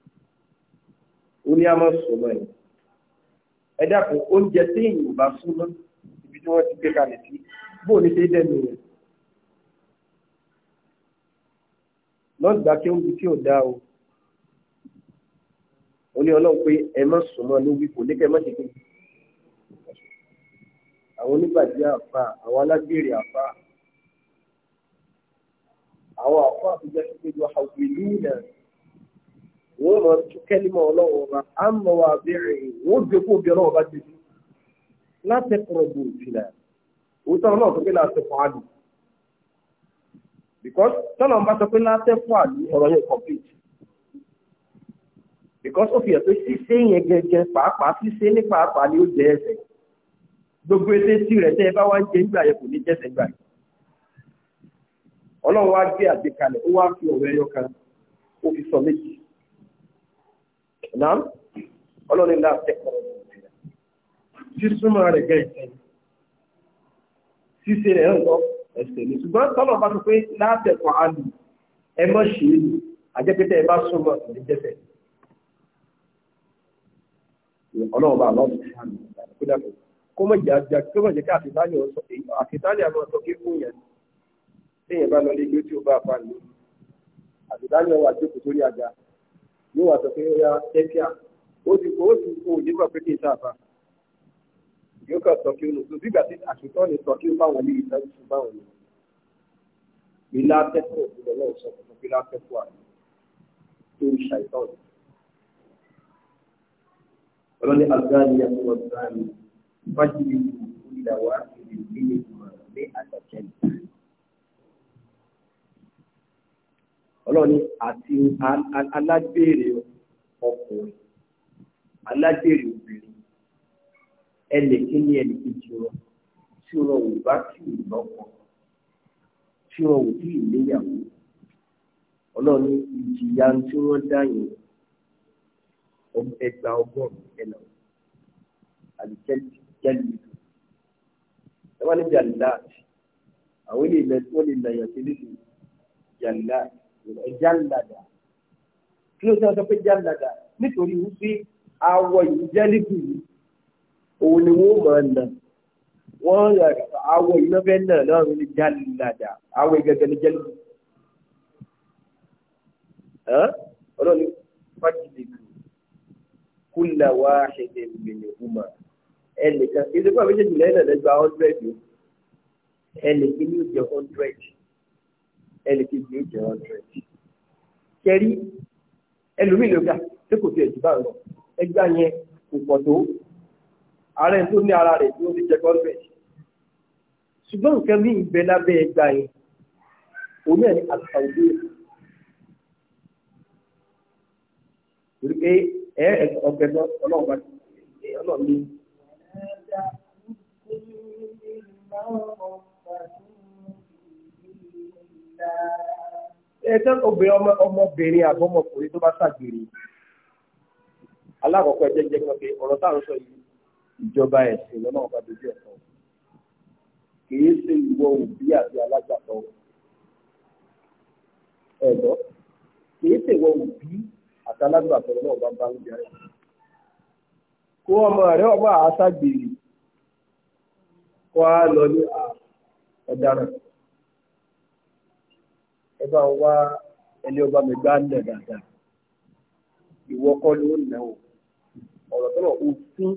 ó ní a máa sùn mọ́ ẹ̀. ẹ dákun oúnjẹ tí èèyàn ò bá sún mọ́ ibi tí wọ́n ti gbé kalẹ̀ sí bó ní ṣe dẹ́nu rẹ̀. lọ́gbà kí oúnjẹ tí ò dá o ó ní ọlọ́run pé ẹ má sùn mọ́ ló kò ní kẹ́ ẹ má ṣe kéde. àwọn oníbàjẹ́ àfa àwọn alágbèrè àfa àwọn àfa àfijẹ́sí pé wọ́n àwọn ìlú náà. wọ́n mọ̀ tú kẹ́límọ̀ ọlọ́run ọba á abẹ́rẹ́ wọ́n gbé kó ọrụ ọba dị láti kọ̀rọ̀ bò ìfìlà òótọ́ ọlọ́run tó gbé láti fọ́ àlù because tọ́lọ̀ ń bá sọ pé láti fọ́ àlù ọ̀rọ̀ yẹn complete because ó fi ṣíṣe yẹn gẹ́gẹ́ pàápàá ṣíṣe ní pàápàá ni ó jẹ ẹsẹ̀ gbogbo ẹsẹ̀ rẹ̀ tẹ́ ẹ bá wá ń jẹ nígbà yẹn kò ní náà ọlọ́ni ńlá tẹ́kọ̀ọ́ sísúnmọ́ rẹ̀ jẹ́ ìsìn ṣíṣe rẹ̀ ń lọ ẹ̀sẹ̀ ní ṣùgbọ́n tọ́lọ̀ bá sọ pé látẹ̀kọ̀ àlù ẹ mọ́ ṣe é lù àjẹpẹ́tẹ́ ẹ bá súnmọ́ ní jẹ́fẹ̀. ọlọ́run bá lọ́ọ̀bù sí àmì kó dàbọ̀ kó mọ̀ jà jà kó mọ̀ jẹ́ kí àtìtálì ọ̀sọ̀ àtìtálì àwọn ọ̀sọ̀ kí fún yẹn téèyàn bá lọ lé ilé àti òkú sórí yóò wà sọ pé ó yá tẹ́tíà ó ti kó ó ti kó òye gbà pé kí n ṣàfà yóò kàn sọ kí ó lò tó sígbà tí àṣetọ́ ni sọ kí ó báwọn ní ìtọ́jú tó báwọn ní. ilá tẹ́kọ̀ọ́ ìgbìmọ̀ náà sọ fún ilá tẹ́kọ̀ọ́ àná tó ń ṣàìtọ́ ni. ọlọ́ni agbáni yàtọ̀ ọ̀gbáni fájìlì ìlú ìlàwọ̀ àti ìlú ìlú ìlú àti àjẹjẹrẹ. ọlọ́run ní àti alágbèrè ọkùnrin alágbèrè obìnrin ẹnìkíní ẹnìkejì wọn tí wọn ò bá tì í lọ́kọ tí wọn ò tí ì níyàwó ọlọ́run ní ìjìyà tí wọ́n dá yẹn ẹgbàá ọgọ́rùn-ún ẹ̀nà ẹ wá ní jàǹdà àwọn ilé ìlẹ̀ tí wọ́n lè nà yàn níbi jàǹdà jálàdà kí ló sọ pé jálàdà nítorí wípé awọ yìí jálíkù yìí òun ni wọ́n máa nà wọ́n yà awọ yìí náà fẹ́ nà lọ́rùn ní jálàdà awọ yìí gẹ́gẹ́ ní jálíkù ọlọ́ni fájìlì kúlà wá ṣẹ̀dẹ̀ ìgbìmọ̀ ìgbìmọ̀ ẹnìkan ìdíkọ̀ méjèèjì lẹ́yìn náà lẹ́gbàá hundred ẹnìkan ní ìjọ hundred ẹlẹ́kejì ó jẹ́ hundred kẹrí ẹlòmíì ló gbà pé kò fi ẹ̀jú bá rọ ẹgbà yẹn kò pọ̀ tó ààrẹ tó ní ara rẹ̀ tó ti jẹ gọ́ọ̀mẹ̀ntì ṣùgbọ́n nǹkan bí ìbẹ lábẹ́ ẹgbà yẹn òun ẹ̀ ní àtàwùjọ torí pé ẹ ọ̀gbẹ́ ọlọ́run bá ọlọ́run ní. ẹjọ́ obìnrin ọmọbìnrin àbọ̀ ọmọkùnrin tó bá ṣàgbèrè alákọ̀ọ́kọ́ ẹjẹ́ jẹ́ pé ọ̀rọ̀ tá à ń sọ yìí ìjọba ẹ̀sìn lọ́nà ọba dojú ẹ̀sán kìí ṣe ìwọ òbí àti alágbàtọ́ ẹ̀dọ́ kìí ṣe ìwọ òbí àti ọba bá ń jẹ kó ọmọ rẹ ọmọ ẹ bá wá ẹni ọba mi gbá ń lẹ̀ dáadáa ìwọ kọ́ ni ó nà ó ọ̀rọ̀ tó lọ òfin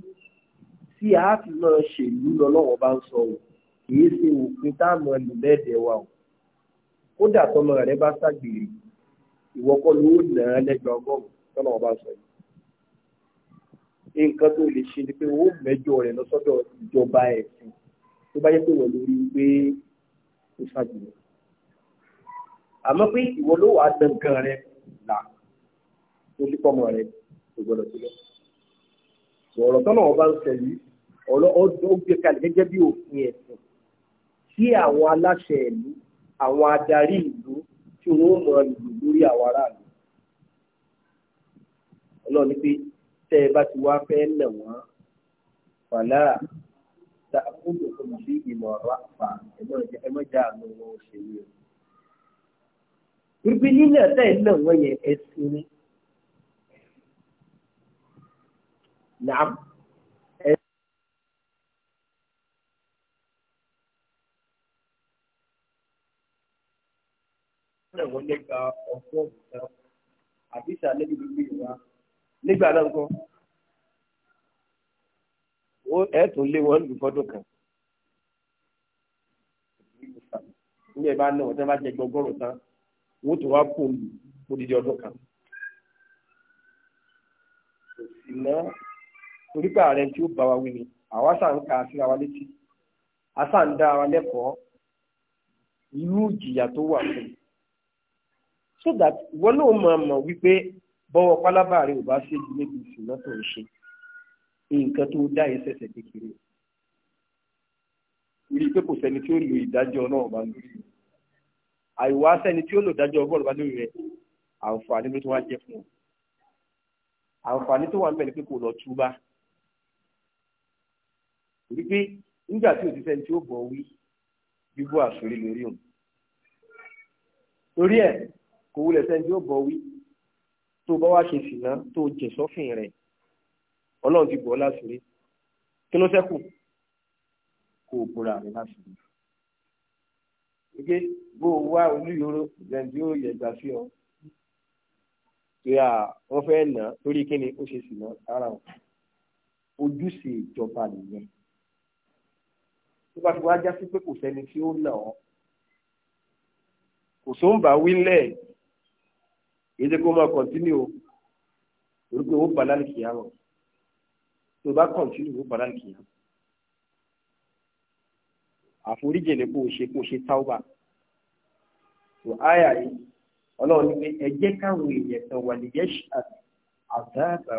tí a fi máa ṣèlú lọ́lọ́wọ́ bá ń sọ o kìí ṣe òfin táàmù ẹlòmẹ́ẹ̀dẹ̀ wa o kódà tọmọ rẹ bá ṣàgbèrè ìwọ kọ́ ni ó nà á lẹ́gbẹ̀ẹ́ ọgọ́rùn-ún tọ́lọ́wọ́ bá ń sọ yìí nǹkan tó lè ṣe ni pé ó mẹ́jọ rẹ̀ lọ sọ́dọ̀ ìjọba ẹ̀sìn tó bá yẹ pé wọ́n lórí pé ó ṣàgbèrè àmọ́ pé ìwọ ló wàá dán gan rẹ là lórí pọ́mọ rẹ kò gbọdọ̀ sílẹ̀ ọ̀rọ̀ tọ́nà ọba ń sẹ yìí ọ̀rọ̀ ọdún ó gbé kalẹ̀ gẹ́gẹ́ bí òfin ẹ̀sìn tí àwọn aláṣẹ ìlú àwọn adarí ìlú tí wọ́n mọ ìlú lórí àwọn aráàlú ọlọ́run ní pé tẹ́ ẹ bá ti wá fẹ́ nà wọ́n fàlà tá a kúndùn fún mi sí ìmọ̀ ọ̀rọ̀ àpà ẹ̀mọ́jà àánú wọn ò ṣe yìí wípé lílẹ̀ tẹ́lẹ̀ wọ́n yẹ ẹ̀sìn ni. Nàám. Ẹ̀sìn wọ́n lè gba ọgbọ́n ìtàn àbí ìsàlẹ̀ ìlú bí ìwà nígbà náà kọ́. Ó ẹ̀ tó lé wọn lù fọ́dún kan. Ní ẹ̀ bá náà, wọ́n tẹ́ bá jẹ gbọ́gbọ́rò tán wọ́n ti wá kó olù odidi ọdún kan kò sì mọ́ orípa ààrẹ tí ó bá wa wí ni àwa sà ń ka síra wa létí a sà ń dá ara lẹ́kọ̀ọ́ irú ìjìyà tó wà fún un so that ìwọ náà máa mọ̀ wípé bọ́wọ́ pálábà rẹ ò bá ṣe ju níbi ìsìnà tó ń ṣe nǹkan tó dá yẹn ṣẹ̀ṣẹ̀ kékeré rí pé kò sẹ́ni tí ó lo ìdájọ́ náà bá lórí rẹ̀ àìwá sẹ́ni tí ó lò dájọ́ ọgbọ́n bá lórí rẹ̀ àǹfààní ló tó wá jẹ́ fún un àǹfààní tó wà ń bẹ̀ ni pé kò lọ túbá wípé nígbà tí òtítọ́ ẹni tí ó bọ̀ wí bíbú àṣírí lórí òun torí ẹ̀ kò wúlẹ̀ sẹ́ni tí ó bọ̀ wí tó bá wá ṣe sìnà tó jẹ̀ sọ́fìn rẹ̀ ọlọ́run ti bọ̀ ọ́ láṣìírí kí ló ṣẹ́kù kó o rẹ̀ láṣìírí wípé bó o wá olúyòrò ìgbàǹdì yóò yẹ̀gbà sí ọ ìyá wọn fẹ́ nà torí kíni ó ṣe sì ná ara wọn ojúṣe ìjọba nìyẹn tó bá fi wá já sí pé kò sẹ́ni tí ó nà ọ́ kò sóńbà wílẹ̀ èyí tí kò máa kọ̀ntínú o torí pé ó bàlá nìkìyà wọn tó bá kọ̀ntínú ó bàlá nìkìyà wọn àforíjì ni kò ṣe kò ṣe táwà tó àyà yìí ọlọ́run ní pé ẹ jẹ́ káwọn èèyàn kan wà lè yẹ́ṣ àdáàbà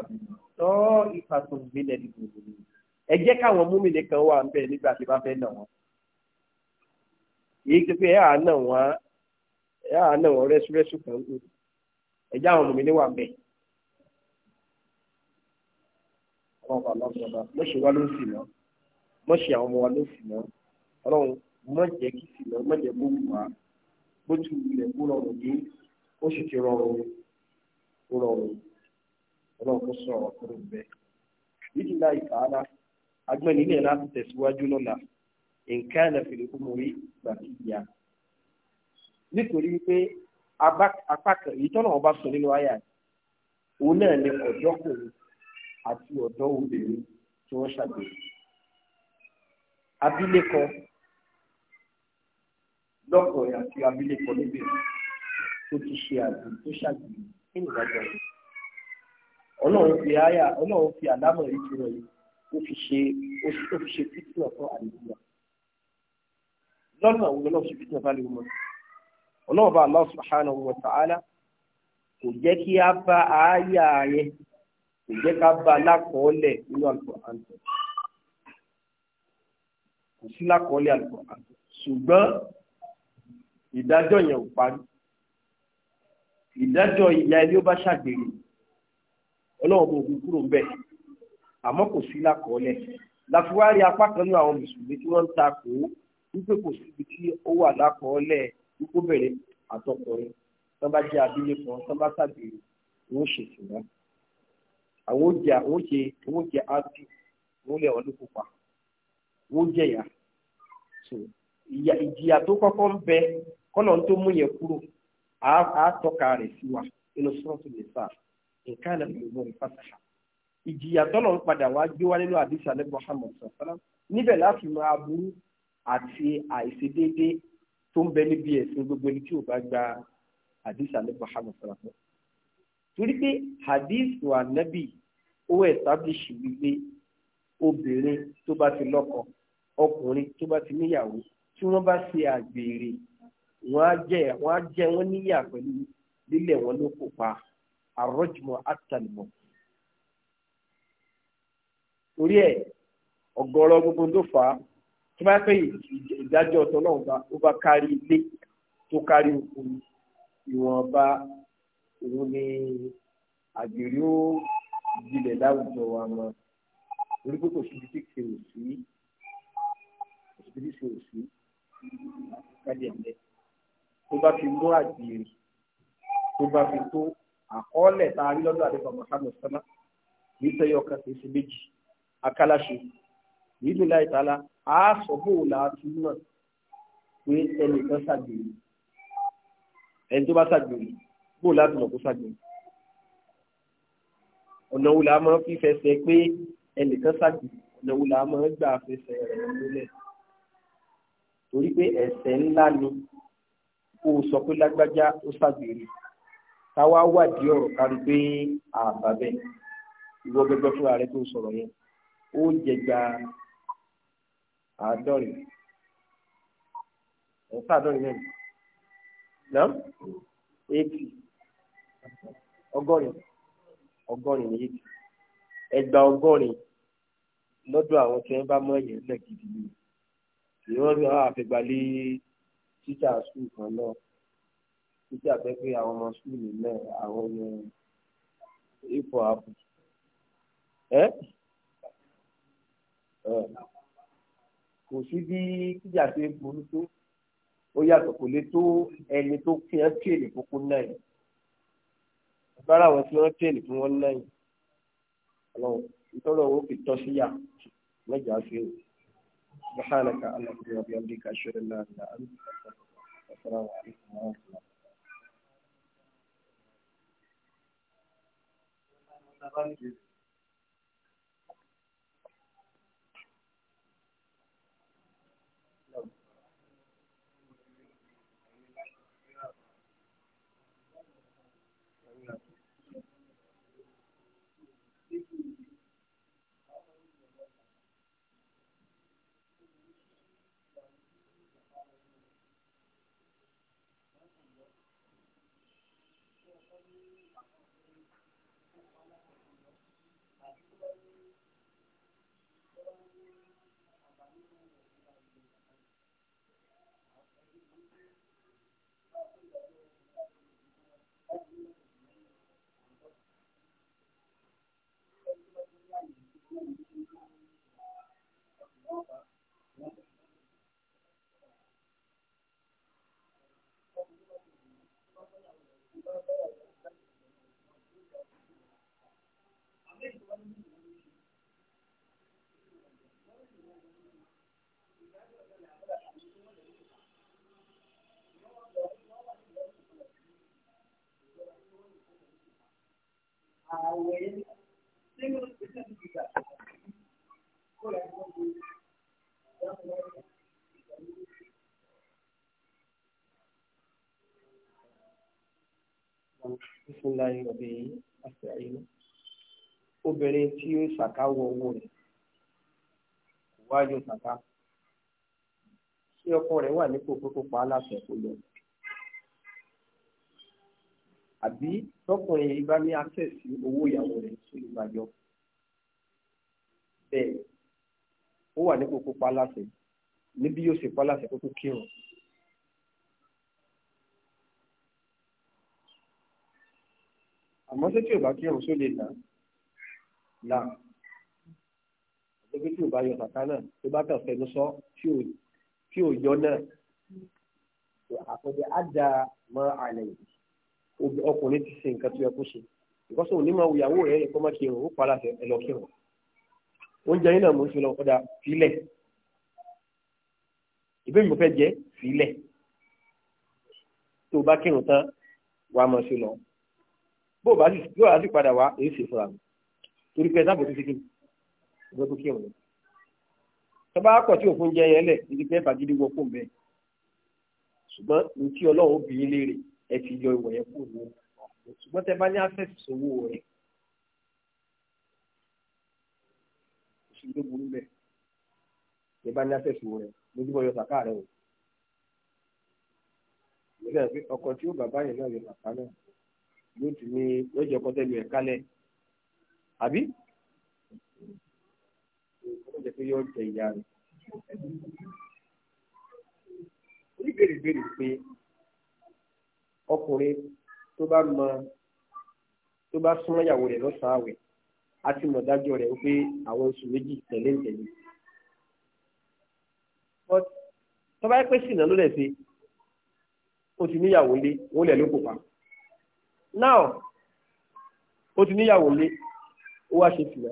tọ́ ipa tó ń gbélé ní gbogbo ni ẹ jẹ́ káwọn múmìnì kan wà ń bẹ̀ nígbà tí bá fẹ́ nà wọ́n èyí ti pé ẹ àánà wọn ẹ àánà wọn rẹ́súrẹ́sù kan ń ẹ jẹ́ àwọn múmìnì wà ń bẹ̀. ọlọ́run bá lọ́sọ̀rọ̀ wa ló ń sì mọ́ mọ́ṣẹ́ àwọn ọmọ wa ló ń sì mọ́. ọlọ́run má jẹ́ kí sílẹ̀ má jẹ́ kó wà bó ti o kó rọrùn dé ó sì ti rọrùn ó rọrùn ọlọ́run kó sọ̀rọ̀ kúrò bẹ́ẹ̀. ìdí láì tààlà agbẹ́ni ilé láti tẹ̀síwájú lọ́la nǹkan ẹ̀ ọba sọ nínú àyà òun náà ni àti ọ̀dọ́ obìnrin tí wọ́n dọ́kọ̀ọ̀yà àti abilékọ níbẹ̀ tó ti ṣe àgbè tó ṣàgbè kí ni ìdájọ́ rẹ̀ ọlọ́run fi àyà ọlọ́run fi àdámọ̀ yìí ti rọ̀ yìí ó fi ṣe ó fi ṣe fífi ọ̀tọ̀ àlèlúyà lọ́nà òun lọ́wọ́ ṣe fífi ọ̀tọ̀ àlèlúyà ọlọ́run bá Allah subhanahu wa ta'ala kò jẹ́ kí a bá àyà rẹ kò jẹ́ ká bá lákọọ́lẹ̀ nínú Al-Qur'an kò sí lákọọ́lẹ̀ Al-Qur'an ṣùgbọ́n ìdájọ́ yẹn ò parí ìdájọ́ ìyá ẹni ó bá ṣàgbèrè ọlọ́run bò ògùn kúrò ń bẹ̀ àmọ́ kò sí lákọọ́lẹ̀ láfiwárí apá kan nínú àwọn mùsùlùmí tí wọ́n ń ta kò ó wípé kò síbi tí ó wà lákọọ́lẹ̀ wípé bẹ̀rẹ̀ àtọkùnrin tán bá jẹ́ abíyẹ́kọ tán bá ṣàgbèrè wọ́n ṣètò náà àwọn oúnjẹ àwọn oúnjẹ àwọn oúnjẹ áàtì wọ́n lé ọdún pupa wọ́n jẹ̀yà ìjìyà tó kọ́kọ́ ń bẹ kọ́nà tó mú yẹn kúrò á tọ́ka rẹ̀ sí wa inú sọ́ọ̀tù nìsa nǹkan àná ìlú rẹ̀ fàtàkà ìjìyà tọ́lọ̀ ń padà wá gbé wá nínú àdìsá ní Muhammad sọ̀tàlá níbẹ̀ láti máa aburú àti àìṣedéédé tó ń bẹ níbi ẹ̀sìn gbogbo ẹni tí ò bá gba àdìsá ní Muhammad sọ̀tàlá torí pé àdìsù ànábì ó ẹ̀sáblíṣì wípé obìnrin tó bá ti lọ́kọ ọkùnrin tó bá ti níyàwó tí wọ́n bá ṣe àgbèrè wọ́n á jẹ wọ́n á jẹ wọ́n níyà pẹ̀lú lílẹ̀ wọn ló kó pa àrọ́jùmọ̀ àtàlùmọ̀. torí ẹ̀ ọ̀gọ̀rọ̀ gbogbo tó fà á tí wọ́n á pè ìdájọ́ ọ̀tọ̀ náà ó bá kárí ilé tó kárí oko ìwọ̀nba òun ni àgbèrè ó gbilẹ̀ láwùjọ wa mọ́ torí pé kò síbi tí kò sí kò síbi tí kò sí kájẹ̀ ńlẹ̀ tó bá fi mú àjèrè tó bá fi tó àkọọ́lẹ̀ tá a rí lọ́dọ̀ àdébà Muhammad sọ́nà ní sẹ́yọ̀ kan kì í ṣe méjì akálàṣe nínú láì tààlà á sọ bóun là á tún náà pé ẹnìkan ṣàgbèrè ẹni tó bá ṣàgbèrè bóun láti mọ̀ kó ṣàgbèrè ọ̀nà wo là á máa fífẹsẹ̀ pé ẹnìkan ṣàgbèrè ọ̀nà wo là á máa gbà fẹsẹ̀ rẹ̀ lólẹ̀ torí pé ẹ̀ṣẹ̀ ńlá ni kó o sọ pé lágbájá ó ṣàgbèrè táwa wádìí ọ̀rọ̀ kárí pé àbá bẹ́ẹ̀ ìwọ gbẹgbẹ fúnra rẹ tó sọ̀rọ̀ yẹn ó jẹgba àádọ́rin ẹ̀ sáàdọ́rin mẹ́rin náà eighty ọgọ́rin ọgọ́rin ní eighty ẹgbà ọgọ́rin lọ́dọ̀ àwọn tí wọ́n bá mọ ẹ̀yẹ́ lẹ̀ gidi ni ìwọ́n àfẹ́gbálẹ́ títà skul kan náà títà pé pé àwọn ọmọ skul náà àwọn ọmọ ipò ààbò ẹ kò sí bí tíjà ṣe ń burú tó ó yàtọ̀ kò lè tó ẹni tó kí ẹ kéèlì kókó náà yìí bára àwọn tí wọ́n kéèlì fún wọn náà yìí ọlọ́run ìtọ́rọ̀ owó fi tọ́ ṣe é. سبحانك اللهم وبحمدك أشهد أن لا إله إلا أنت السلام عليكم ورحمة الله وبركاته ààwẹ̀ nínú ìgbésẹ̀ ìgbà kó lè gbọ́ بسم الله وبه أستعين obìnrin tí ó ṣàká wọ owó rẹ̀ kò wáyọ ṣàká ṣé ọkọ rẹ̀ wà nípò pé kó pa á láṣẹ kó lọ àbí tọkùnrin yìí bá ní access owó ìyàwó rẹ̀ tó lè máa ó wà ní kókó pálásì níbi yóò ṣe pálásì kókó kírun. àmọ́ ṣé tí ò bá kírun só lè là là àgbẹ̀gbẹ̀ tí ò bá yọ kàkà náà tó bá kàn fẹnu sọ tí ò yọ náà àkọjá á da mọ́ ọkùnrin ti ṣe nǹkan tó yẹ kó ṣe ìkọ́sọ̀ òní máa wù ìyàwó kó má kírun ó pa láti ẹ lọ kírun oúnjẹ yín náà mo fi lọ kódà sílẹ̀ ìbí mi fẹ́ jẹ sílẹ̀ tó o bá kírun tán wà á mọ̀ sí lọ bó o bá sì yóò á sì padà wá èyí sì fúnra mi torí pé sábò tó fi kírun ìgbẹ́ tó kírun tó bá kọ̀ tí òfin jẹ yẹn lẹ̀ ibi pé fàgídí wọ fún bẹ́ẹ̀ ṣùgbọ́n ní ọlọ́run obìnrin léèrè ẹ ti yọ ìwọ̀ yẹn kúrò ṣùgbọ́n tẹ bá ní access sówó rẹ̀ sí tó burú bẹ́ẹ̀ ẹ bá ní àṣẹ̀sù rẹ lójúbọ yọ sàkà rẹ o nígbà pé ọkọ tí ó bàbá yẹn náà yọ sàkà náà yóò tún ní lọ́jọ́ kọ́tẹ́lu ẹ̀ kálẹ̀ àbí ó jẹ́ pé yóò jẹ ìyá rẹ̀ oníbèrè béèrè pé ọkùnrin tó bá mọ tó bá súnmọ́ ìyàwó rẹ̀ lọ́sàn-án àwẹ̀ a ti mọ̀ dájọ́ rẹ̀ pé àwọn oṣù méjì tẹ̀lé ń tẹ̀lé. tó bá yẹ pé ló lẹ̀ ṣe ó ti níyàwó lé wọ́n lẹ̀ ló kópa. now ó ti níyàwó lé ó wá ṣe ṣìnà.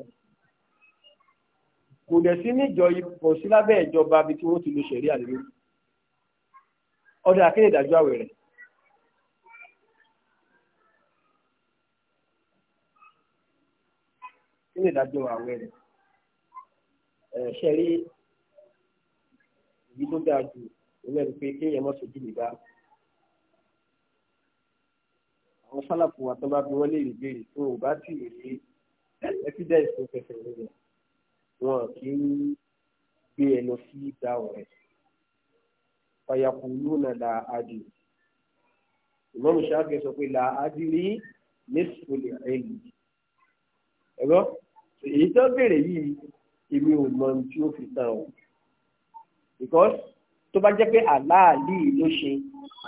kò dẹ̀ sí níjọ ipò sí lábẹ́ ìjọba ibi tí wọ́n ti lo ṣẹ̀rí àlejò. ọdẹ akéde ìdájọ́ àwẹ̀ rẹ̀. kí ni ìdájọ́ àwẹ̀ rẹ̀ ẹ̀ ṣe rí èyí tó dáa jù ìwé ẹni pé kéèyàn mọ̀ sójú nìgbà àwọn sálàpù àtọ́lá bí wọ́n lè rí béèrè tó o bá tì lè rí evidence tó fẹsẹ̀ rẹ̀ wọn kì í gbé ẹ lọ sí dáwọ̀ rẹ̀ fàyàkùlù náà la adì ìmọ̀mù ṣáàfẹ́ sọ pé la adì rí nísìkò lè rẹ̀ ẹ̀rọ èyí tó béèrè yìí èmi ò mọ ohun tí ó fi tán o because tó bá jẹ́ pé àláàlì ló ṣe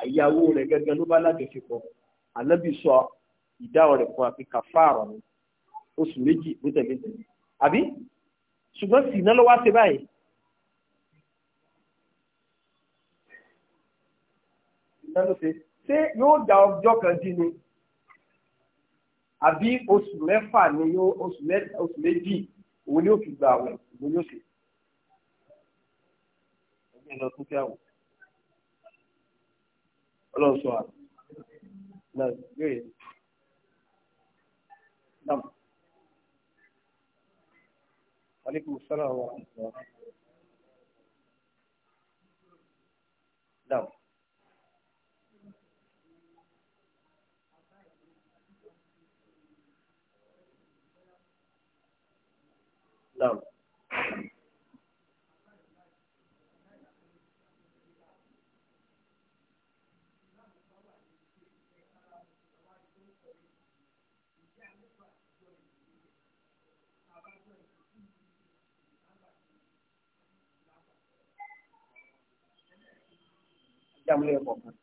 àyàwó rẹ̀ gẹ́gẹ́ ló bá lájọṣepọ̀ ànábì sọ ìdáhùn rẹ̀ fún àfi kàfáàrà oṣù méjì ló tẹ̀lé tẹ̀lé àbí ṣùgbọ́n sì iná ló wá ṣe báyìí. ṣé yóò da ọjọ́ kan dín ni àbí oṣù mẹ́fà ni yóò oṣù méjì òun ni ó fi gbà wẹ̀ òun ni ó sì. ẹgbẹ́ lọ tún kí àwọn ọlọ́run sọ àná kí àwọn ilé ẹ̀kọ́ kan.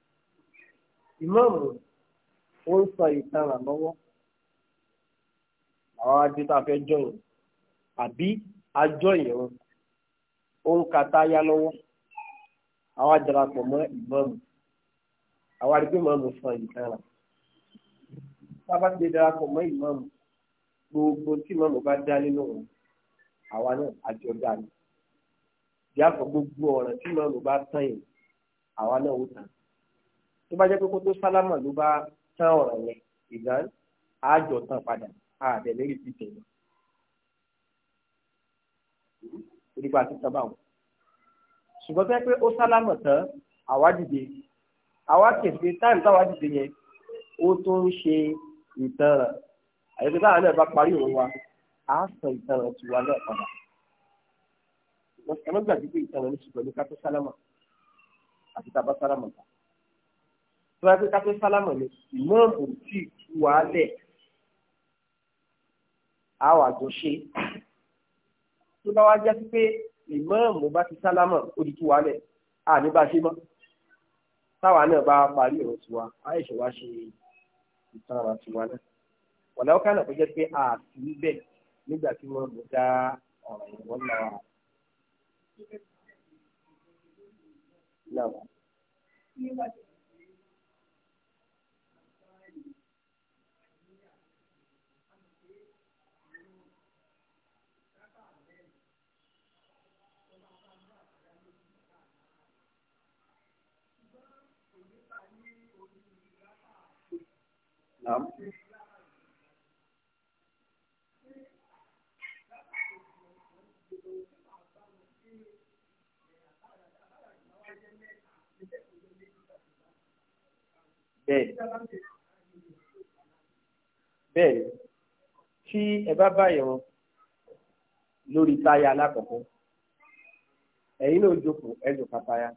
ìmáàmù ó ń sọ ìtara lọ́wọ́ àwọn adé tá a fẹ́ jọyìn àbí ajọyìn wọn ó ń kata yá lọ́wọ́ àwọn adarapọ̀ mọ́ ìmáàmù àwọn adigun ìmáàmù sọ ìtara sábà ti darapọ̀ mọ́ ìmáàmù gbogbo tí ìmáàmù bá dá nínú wọn àwa náà àjọ dá ní. ìyá kan gbogbo ọ̀ràn tí ìmáàmù bá tán yìí àwa náà ó tán tó bá jẹ́ pé kó tó sálámà ló bá tán ọ̀rọ̀ yẹn ìdán àjọ tán padà àdẹ̀lẹ́ rí pìtẹ́ lọ. onígbà tí tán bá wọn. ṣùgbọ́n tó yẹ pé ó sálámà tán àwa dìde àwa kèsì táìmù táwa dìde yẹn ó tó ń ṣe ìtàn rẹ̀ táwa náà bá parí òun wa á sọ ìtàn tiwa náà padà. ẹ gbàgbé pé ìtàn ní ṣùgbọ́n ní ká tó sálámà àti tàbá sálámù ta tó bá pé ká pé sálámù ni ìmọ̀ọ́mù tí wà á lẹ̀ á wà jọ ṣe tó bá wá jásí pé ìmọ̀ọ́mù bá ti sálámù ó di tú wà á lẹ̀ á ní bá ṣe mọ́ táwa náà bá parí ọ̀rọ̀ tiwa àìṣe wá ṣe ìsanra tiwa náà wọ̀lẹ́ ọ̀ká náà kó jẹ́ pé àti nígbà tí wọ́n mú dá ọ̀rọ̀ ìwọ́n náà. Islam. Naam. bẹ́ẹ̀ bẹ́ẹ̀ tí ẹ bá báyọ̀ lórí táyà alákọ̀ọ́kọ́ ẹ̀yin náà jókòó ẹ jòkó táyà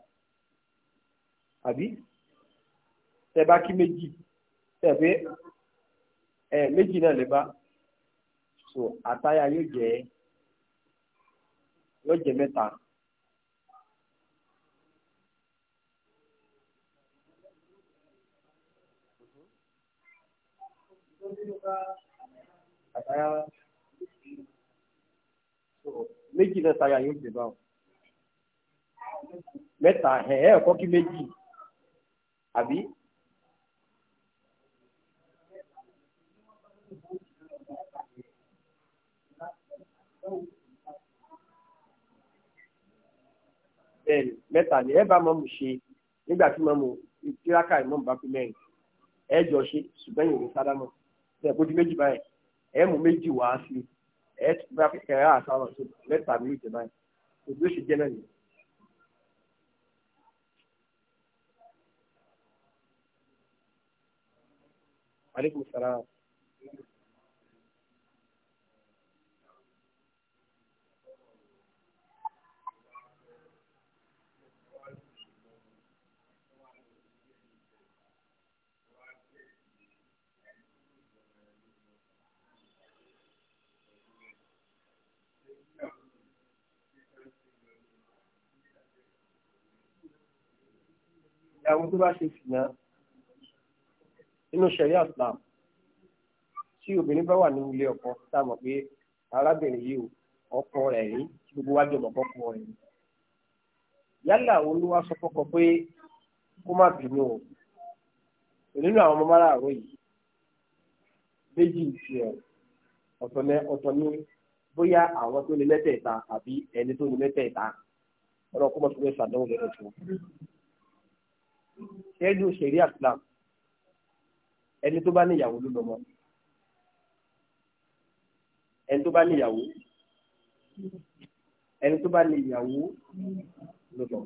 àbí tẹ bá kí méjì tẹ pé ẹ méjì náà lè bá so àtáyà yóò jẹ yóò jẹ mẹ́ta. àtàyà méjì náà táyà yóò dé báwọn mẹ́ta ẹ̀ ẹ̀ kọ́ kí méjì àbí. bẹ́ẹ̀ni mẹ́ta ni ẹ bá mọmù ṣe nígbà tí mọmù tíráka ìmọmù bá fi mẹ́rin ẹ jọ ṣe ṣùgbọ́n ìrìn sádámọ. ẹ̀kọ́ di méjì báyìí ẹ mú méjì wá sí ẹ bá kẹrẹ àtàwọn tó mẹ́ta mi ìjẹ báyìí òbí ó ṣe jẹ́ náà ẹ̀wọ̀n tó bá ṣe fìnà nínú ṣẹ̀ríà Islam tí obìnrin bá wà ní ilé ọkọ tá a mọ̀ pé arábìnrin yìí ò ọkọ rẹ̀ rí tí gbogbo wa jọ mọ̀kọ́ kọ rẹ̀ rí. yálà olúwa sọ fọkọ pé kó má bínú o nínú àwọn ọmọ márààrún yìí méjì tiẹ̀ ọ̀tọ̀ ní bóyá àwọn tó ní mẹ́tẹ̀ẹ̀ta àbí ẹni tó ní mẹ́tẹ̀ẹ̀ta ọ̀rọ̀ kó mọ̀ sàdánwò lọ́dọ̀ ṣẹ́ẹ́dì òṣèré àtìlám ẹni tó bá níyàwó ló lọ́mọ ẹni tó bá níyàwó ẹni tó bá níyàwó ló lọ́mọ.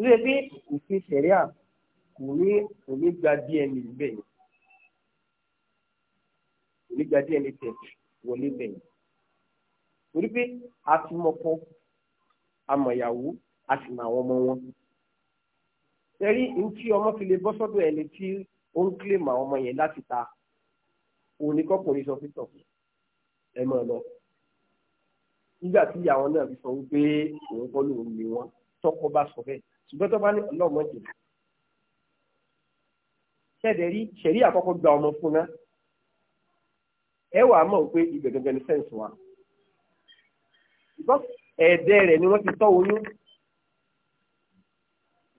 Ilé pé òfin ṣẹ̀ríà kò ní kò ní gba DNA bẹ́ẹ̀ ni kò ní gba DNA test wọlé bẹ́ẹ̀ ni. Torí pé a ti mọ̀kọ́ amọ̀yàwó a sì mọ àwọn ọmọ wọn ẹ̀rí ntí ọmọ fi lè bọ́ sọ́dọ̀ ẹni tí ó ń kílè mà ọmọ yẹn láti ta òun ni kọ́kùnrin sọ fún tọ̀kùn ẹ mọ̀ lọ. nígbà tí ìyàwó náà fi sọ wípé òun kọ́ lòun ni wọn tọkọ bá sọ bẹ́ẹ̀ ṣùgbọ́n tó bá ní ọlọ́mọ jù ṣẹ̀dẹ̀ rí ṣẹ̀rí àkọ́kọ́ gba ọmọ fún ná ẹ wàá mọ̀ pé ibẹ̀ gẹ́gẹ́ ni sẹ́ǹsì wa ẹ̀ẹ́dẹ́ rẹ̀ ni wọ́n ti tọ́ oyún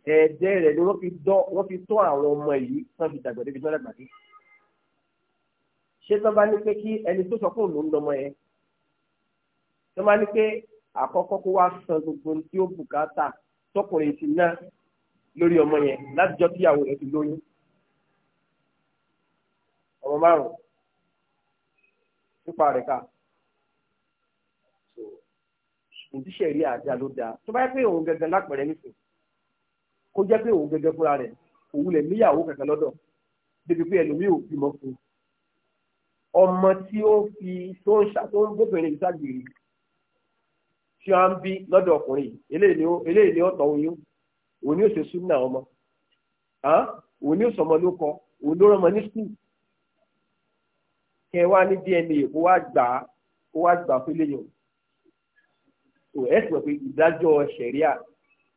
ẹ̀ẹ́dẹ́ rẹ̀ ni wọ́n fi dọ́ wọ́n fi tọ́ àwọn ọmọ yìí wọ́n fi dàgbà débi tó dàgbà dé. ṣé tó bá ní pé kí ẹni tó sọ fún òun ló ń dọmọ yẹn tó bá ní pé àkọ́kọ́ kó wá san gbogbo tí ó bùkátà tọkùnrin ti ná lórí ọmọ yẹn látijọ́ tíyàwó rẹ̀ ti lóyún ọmọ márùn-ún nípa rẹ̀ ká ǹdíṣẹ̀rí àjà ló dáa tó bá pé òun gangan lápẹ̀rẹ̀ nífẹ̀ẹ́ kó jẹ́ pé òun gẹ́gẹ́ fúnra rẹ̀ òun lè níyàwó kẹ̀kẹ́ lọ́dọ̀ débi pé ẹlòmíì ò bímọ fún un ọmọ tí ó fi tó ń ṣá tó ń bóbìnrin ìságbèrè tí wọ́n bí lọ́dọ̀ ọkùnrin eléyìí ni ó tọ́ oyún òun ni ó ṣe súnmọ́ ọmọ òun ni ó sọmọ ló kọ òun ló rọmọ ní skul kẹ wá ní dna kó wá gbà kó wá gbà fún eléyìí o ẹ sì mọ̀ pé ìdájọ́ ṣẹ̀ríà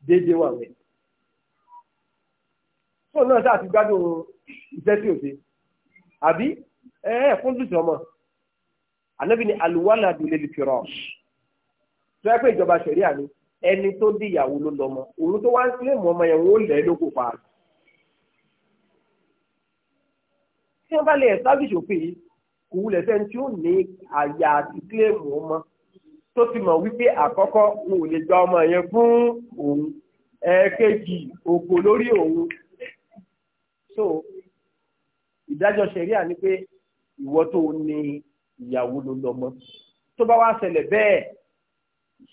déédéé wà mẹ́ta fóònù náà sáà ti gbádùn iṣẹ́ tí ò ṣe àbí ẹ ẹ fún lùsì ọmọ ànábì ni àlùwálà dùlẹ̀ lè fi rọ̀ tó yẹ pé ìjọba ṣẹ̀ríà ni ẹni tó dé ìyàwó ló lọ́mọ òun tó wá ń sílẹ̀ mọ́ ọmọ yẹn wọ́n lẹ̀ lóko pa á. tí wọ́n bá lè establish òfin kò wulẹ̀ sẹ́ni tí ó ní àyà àti kílẹ̀mù ọmọ tó ti mọ̀ wípé àkọ́kọ́ n ò lè gba ọmọ yẹn fún òun ẹ̀ẹ̀kejì òkò lórí òun so ìdájọ́ ṣẹ̀ríà ni pé ìwọ tó ní ìyàwó ló lọ́mọ tó bá wá ṣẹlẹ̀ bẹ́ẹ̀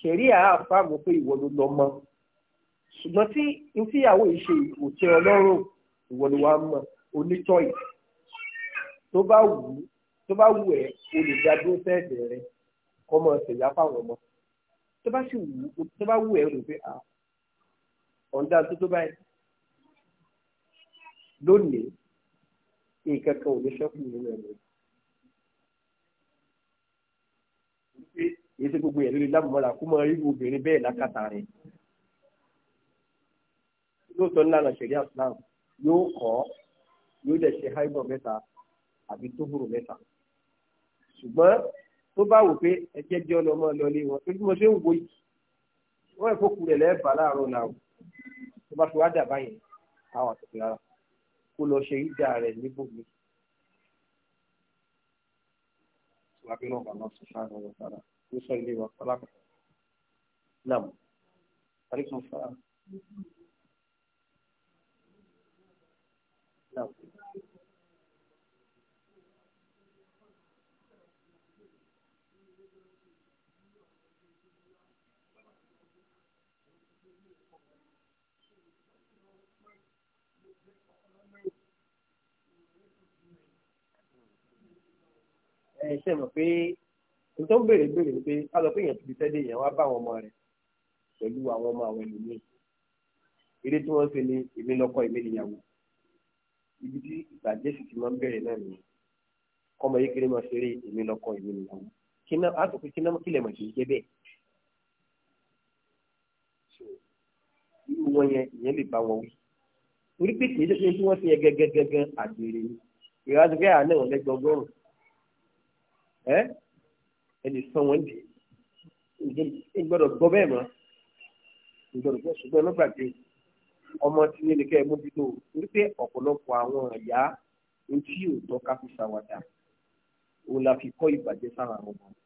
ṣẹ̀ríà àfàmù pé ìwọ ló lọ́mọ ṣùgbọ́n tí n tí ìyàwó yìí ṣe òtẹ ọlọ́run ìwọ ló wá mọ̀ onítọ̀yì tó bá wù ú tó bá wù ẹ́ o lè dá dúró sẹ́ẹ̀dẹ̀ rẹ kọ́ mọ ṣẹ̀yà fáwọn ọmọ tó bá sì wù ú tó bá wù ẹ́ rò pé ọ̀ǹda tó tó báyìí lónìí nǹkan kan ò ní ṣẹ́kù nínú ẹ̀ lónìí. èyí tí gbogbo yẹn lórí lábùmọ́ra kó máa rí obìnrin bẹ́ẹ̀ lákàtà rẹ̀. lóòótọ́ nílànà ṣẹ̀ríà Islam yóò kọ́ yóò dẹ̀ ṣe haibọ̀ mẹ́ta àbí tóbùrù mẹ́ta. ṣùgbọ́n tó bá wò pé ẹjẹ́ jẹ́ ọlọ́mọ lọlé wọn pé bí mo ń wo yìí wọ́n ẹ̀fọ́ kulẹ̀ lẹ́ẹ̀bà láàárọ̀ làwọn tó bá fi wá dà báyìí káwọn àtẹ̀tẹ̀ rárá kó lọ ṣe ìdá rẹ̀ níbòmí. Ìwádìí náà bàbá sọ sáànù wọn sára ló ṣe mọ̀ pé n tó ń béèrè béèrè ni pé ká lọ pé èèyàn ti fi sẹ́dẹ̀ èèyàn wá bá àwọn ọmọ rẹ̀ pẹ̀lú àwọn ọmọ àwọn ẹlòmíì eré tí wọ́n ṣe ni èmi lọ́kọ èmi níyàwó ibi tí ìbàjẹ́ sì ti máa ń bẹ̀rẹ̀ náà nìyẹn kọ́mọ yìí kiri máa ṣeré èmi lọ́kọ èmi níyàwó kí náà á sọ pé kí náà kílẹ̀ mọ̀ sí jẹ́ bẹ́ẹ̀ irú yẹn ìyẹn lè bá wọn wí torí pé kì í ṣe pé tí wọ́n ṣe yẹ gẹ́gẹ́gẹ́gẹ́ àgbèrè ni ìrásùfẹ́ àná ìwọ̀n lẹ́gbẹ̀ẹ́ ẹ ẹ lè san wọn dì í gbọ́dọ̀ gbọ́ bẹ́ẹ̀ mọ́ gbọ́dọ̀ gbọ́ ṣùgbọ́n ẹ gbàgbé ọmọ tí ní ẹnìkẹ́ mójútó ní pé ọ̀pọ̀lọpọ̀ àwọn ìyá ojú yóò tọ́ka fi ṣàwádà òun la fi kọ́ ìbàjẹ́ sára àwọn ọmọ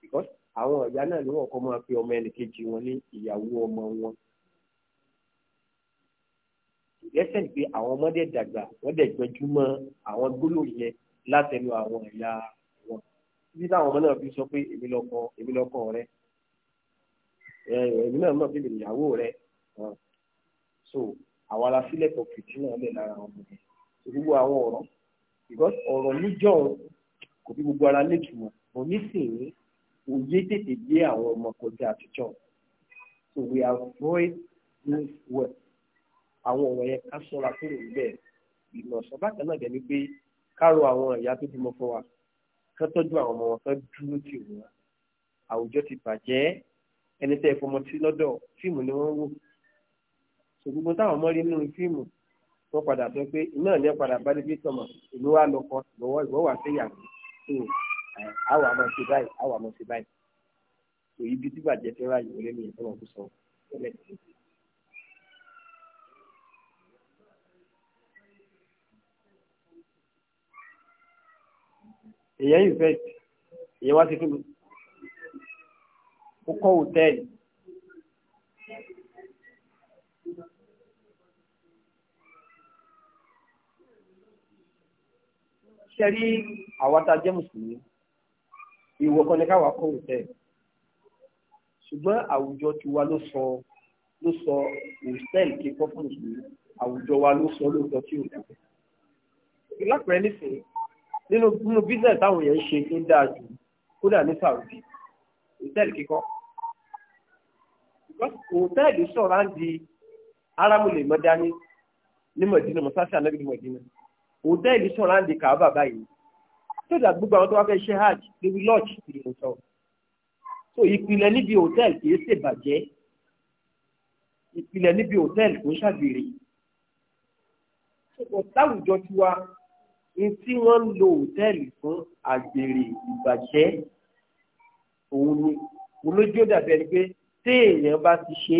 because àwọn ìyá náà ni wọn kọ́ máa pe ọmọ ẹnìkejì wọn ní ìyàwó ọmọ wọn lẹ́sẹ̀ pé àwọn ọmọdé dàgbà wọ́n dẹ̀ gbẹ́jú mọ́ àwọn gbólóhùn yẹn látẹnu àwọn ìyá títí táwọn ọmọ náà fi sọ pé èmi lọkọ èmi lọkọ rẹ èmi náà mọ̀ pé èmi ìyàwó rẹ so àwọn alasílẹ̀ kan fìtí náà lè lára ọmọ yẹn gbogbo àwọn ọ̀rọ̀ because ọ̀rọ̀ níjọ́ kò fi gbogbo ara létùmọ̀ but nísìnyí òye tètè gbé àwọn ọmọ kọjá àtijọ́ so we avoid this well àwọn ọ̀rọ̀ yẹn ká sọ́ra kúrò níbẹ̀ ìmọ̀ ọ̀sán bákan náà dẹ̀ ni pé ká ro àwọn ìyá tó bímọ fún wa kán tọ́jú àwọn ọmọ wọn kán dúró tì wọ́n àwùjọ ti bàjẹ́ ẹni tẹ́ ẹ fọmọ sí lọ́dọ̀ fíìmù ni wọ́n wò ṣògbógbó táwọn ọmọ rí nínú fíìmù wọ́n padà sọ pé iná ní padà bá débi tọmọ ìlú wa lọkọ lọ́wọ́ ìwọ wà sí ìyàwó tó àwọn àmọ ṣe báyìí àwọn àmọ ṣe báyìí òyìnbí tí bàjẹ́ fẹ́ ráyè wọlé mi ìfọwọ́n kó sọ ọ́ èyàn invest èyàn wá sí kí ni ó kọ́ hòtẹ́ẹ̀lì ṣẹ́rí àwa tá a jẹ́ mùsùlùmí ìwọ kan ní káwa kọ́ hòtẹ́ẹ̀lì ṣùgbọ́n àwùjọ tiwa ló sọ ló sọ hòtẹ́ẹ̀lì kíkọ́ fún mùsùlùmí àwùjọ wa ló sọ ló tí ò dáa lápẹ̀rẹ̀ nísìnyí nínú nínú business táwọn èèyàn ń ṣe ń dáa jù kódà ní Saudi hòtẹ́ẹ̀lì kíkọ́ hòtẹ́ẹ̀lì sọ̀rọ̀ á di aramule mọ́dání ní Mọ̀dínà mọ́sáṣí anábìrì Mọ̀dínà hòtẹ́ẹ̀lì sọ̀rọ̀ á di kàábà báyìí sódà gbogbo àwọn tó wá fẹ́ ṣe hajj níbi lọ́ọ̀jì ìlú sọ so ìpìlẹ̀ níbi hòtẹ́ẹ̀lì kì í ṣèbàjẹ́ ìpìlẹ̀ níbi hòtẹ́ẹ̀lì kò ń ṣàgbèrè so táwùjọ tiwa tí wọ́n ń lo hòtẹ́ẹ̀lì fún àgbèrè ìbàjẹ́ òun ni olójú dàbí ẹni pé téèyàn bá ti ṣe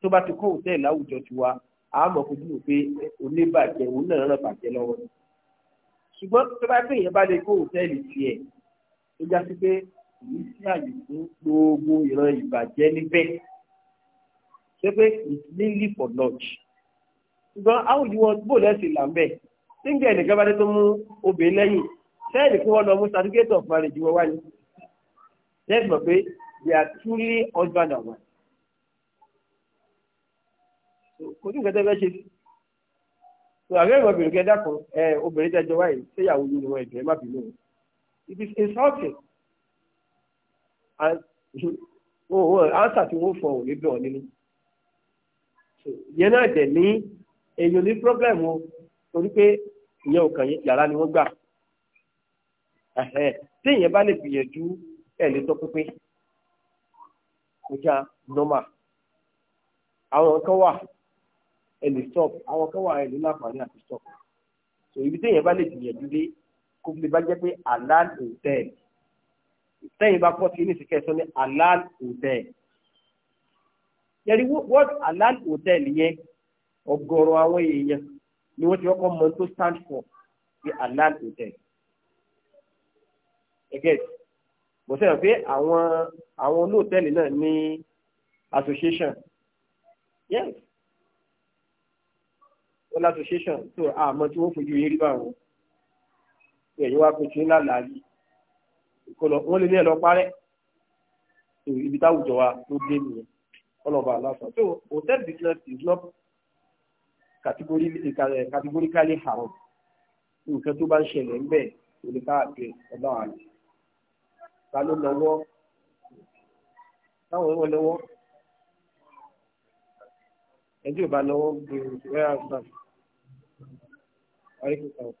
tó bá ti kọ́ hòtẹ́ẹ̀lì láwùjọ tiwa a mọ̀ fojú wò pé oníbàjẹ́ òun náà ràn bàjẹ́ lọ́wọ́ ni ṣùgbọ́n tó bá pè yẹn bá lè kọ́ hòtẹ́ẹ̀lì tiẹ̀ ó já sí pé kì í sí àyè fún gbogbo ìran ìbàjẹ́ níbẹ̀ ṣé pé it's mainly for lunch ṣùgbọ́n how you want bó lẹ́sìn là nígbà ẹnìkan bá dé tó mú obìnrin lẹ́yìn sẹ́ẹ̀lì kí wọ́n lọ mú certificate of marriage wọ́n wá ní let's mọ̀ pé they are truly husband and wife. kò sí nǹkan ṣe so àgbẹ̀ ìwọ̀n obìnrin kẹ́ẹ́ dákun ẹ obìnrin tẹ́ jọ wáyé ṣéyàwó yìí ni wọ́n ẹ̀jẹ̀ má bínú it is insulting and oh oh answer ti wọ́n fọ òní bẹ̀ ọ́ nínú yẹn náà dẹ̀ ní èèyàn ní problem o torí pé ìyẹn ò kàn yín yàrá ni wọ́n gbà tí èèyàn bá lè gbìyànjú ẹ̀ lè tọ́ pínpín kọjá nọ́mà àwọn kan wà ẹ̀ lè stop àwọn kan wà ẹ̀ lè láǹfààní àti stop so ibi tí èèyàn bá lè gbìyànjú dé kó lè bá jẹ́ pé halal hotel tẹ́yìn bá pọ̀ sí ní ìsìnkẹ́ sọ ní halal hotel yẹ́nì wọ́n halal hotel yẹn ọ̀gọ̀rọ̀ àwọn èèyàn ni wọ́n ti kọ́kọ́ mọ tó stand for the alert hotel. Again, mo sẹ́yìn pé àwọn àwọn olóòtẹ́ẹ̀lì náà ní association. Yes. Wọ́n ní association tó àmọ́ tí wọ́n fojú yín rí báwọn. Ẹ̀yin wá pé tí ń lálàá yìí. Ìkọlọ̀ wọ́n lè ní ẹ̀ lọ parẹ́. Ibi táwùjọ wa ló dé nìyẹn. All of our last So hotel business is not kàtígóríkálì eh, eh, haram nǹkan tó bá ń ṣẹlẹ̀ ń bẹ̀ kò ní káàkiri ọba àlè ta ló lọ́wọ́ táwọn ọ̀rọ̀ lọ́wọ́ ẹjọ́ ìbá lọ́wọ́ gbèrú wẹ́rà gbà wáyé kíkà ọ̀hún.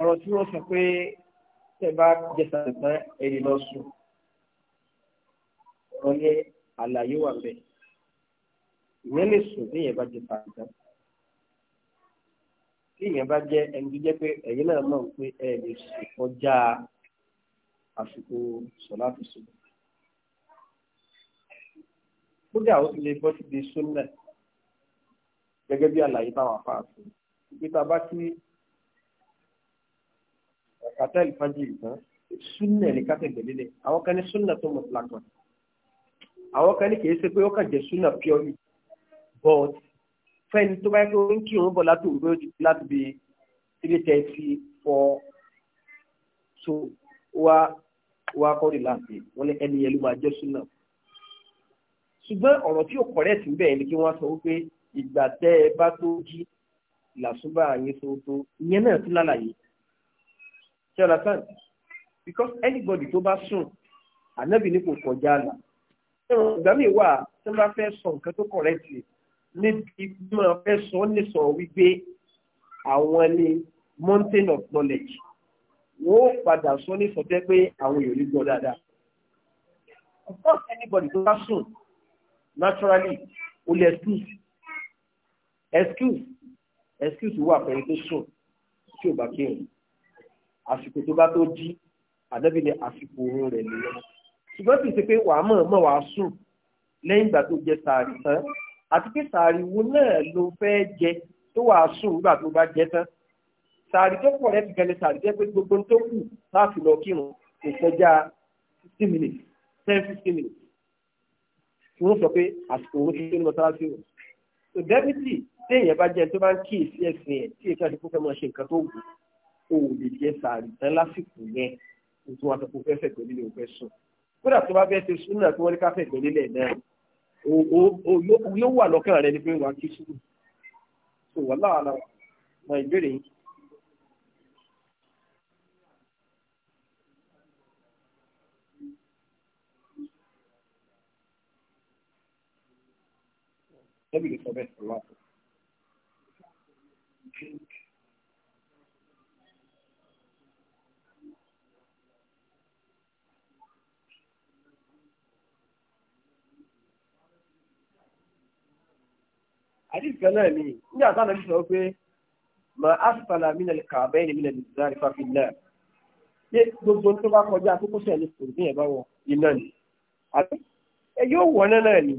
ọ̀rọ̀ tí wọ́n sọ pé tẹ̀ bá jẹ̀sà tán ẹni lọ sùn ọ̀rọ̀ yẹn àlàyé wà bẹ́ẹ̀ ìyẹn lè sùn tí ìyẹn bá jẹ̀sà tán tí ìyẹn bá jẹ́ ẹni tó jẹ́ pé ẹ̀yin náà mọ̀ pé ẹ lè sùn kọjá àsìkò sọ̀láàtì sùn kódà ó ti lè bọ́ síbi súnà gẹ́gẹ́ bí àlàyé táwọn afá àti ìgbéta bá sí kàtà ìfàjì ìtàn súnà ní kátẹ̀gbẹ̀lélẹ̀ àwọn kan ní súnà tó mọ̀ lákan àwọn kan ní kìí ṣe pé ó kàn jẹ́ súnà purely but fẹ́ni tó bá yẹ kó ń kí òun bọ̀ láti òwúrọ̀ láti bí three thirty four so wá wá kọ́ rí láti wọ́n ní ẹni yẹn ló máa jẹ́ súnà ṣùgbọ́n ọ̀rọ̀ tí ò kọ̀rẹ́ẹ̀tì bẹ́ẹ̀ ni kí wọ́n sọ wípé ìgbà tẹ́ ẹ bá tó jí làṣùbà yín tó ìyẹn náà tún lálàyé ṣé ọ̀la sàn because anybody tó bá sùn ànábì ní kò kọjá àlà ìgbà míì wà tí wọ́n bá fẹ́ sọ nǹkan tó kọ̀rẹ́ẹ̀tì níbi bí wọ́n fẹ́ sọ ní sọ wípé àwọn ni mountain of knowledge wọ́n padà sọ ní sọ pé àwọn èèyàn ní gbọ́ dáadáa of course anybody tó bá sùn naturally o excuse excuse excuse wà pẹ̀lú tó sùn tí ò bá kí òun àsìkò tó bá tó jí àdẹ́bí ni àsìkò òun rẹ̀ nìyẹn ṣùgbọ́n kì í ṣe pé wàá mọ̀ mọ̀ wàá sùn lẹ́yìn ìgbà tó jẹ sàárì tán àti pé sàárì wo náà ló fẹ́ jẹ tó wàá sùn nígbà tó bá jẹ tán sàárì tó pọ̀ lẹ́sìn kẹlẹ́ sàárì jẹ́ pé gbogbo tó kù láti lọ kírun kò kọjá fifteen minutes ten fifteen minutes tí wọ́n sọ pé àsìkò òun ti tó ní mọ́sálásí o. so dẹ́bìtì tí èèyàn bá jẹ́ tó bá ń kí èsì ẹ̀sìn ẹ̀ tí èèyàn ti kó fẹ́ máa ṣe nǹkan tó wù ó lè jẹ́ sàárì tán lásìkò yẹn nítorí wọn àtọkùn fẹ́ẹ́ fẹ̀gbẹ́ nílé òfẹ́ sùn kódà tó bá fẹ́ ṣe súnà tí wọ́n ní ká fẹ̀gbẹ́ nílẹ̀ náà yóò wà lọ́kàn rẹ ni pé wàá kí sùn. so wàhálà wàhálà lẹ́bi lè sọ bẹ́ẹ̀ sọ wá. àdìsí kan náà ni nígbà táwọn ẹbí sọ pé mà á sàlà mí nàlẹ kàbẹ́ ẹni mí nàlẹ zari fàfin náà ṣé gbogbo tó bá kọjá àkókò sẹ́yìn ní kò ní ẹ̀bá wọ iná ni àbí ẹ yóò wọ náà náà ni.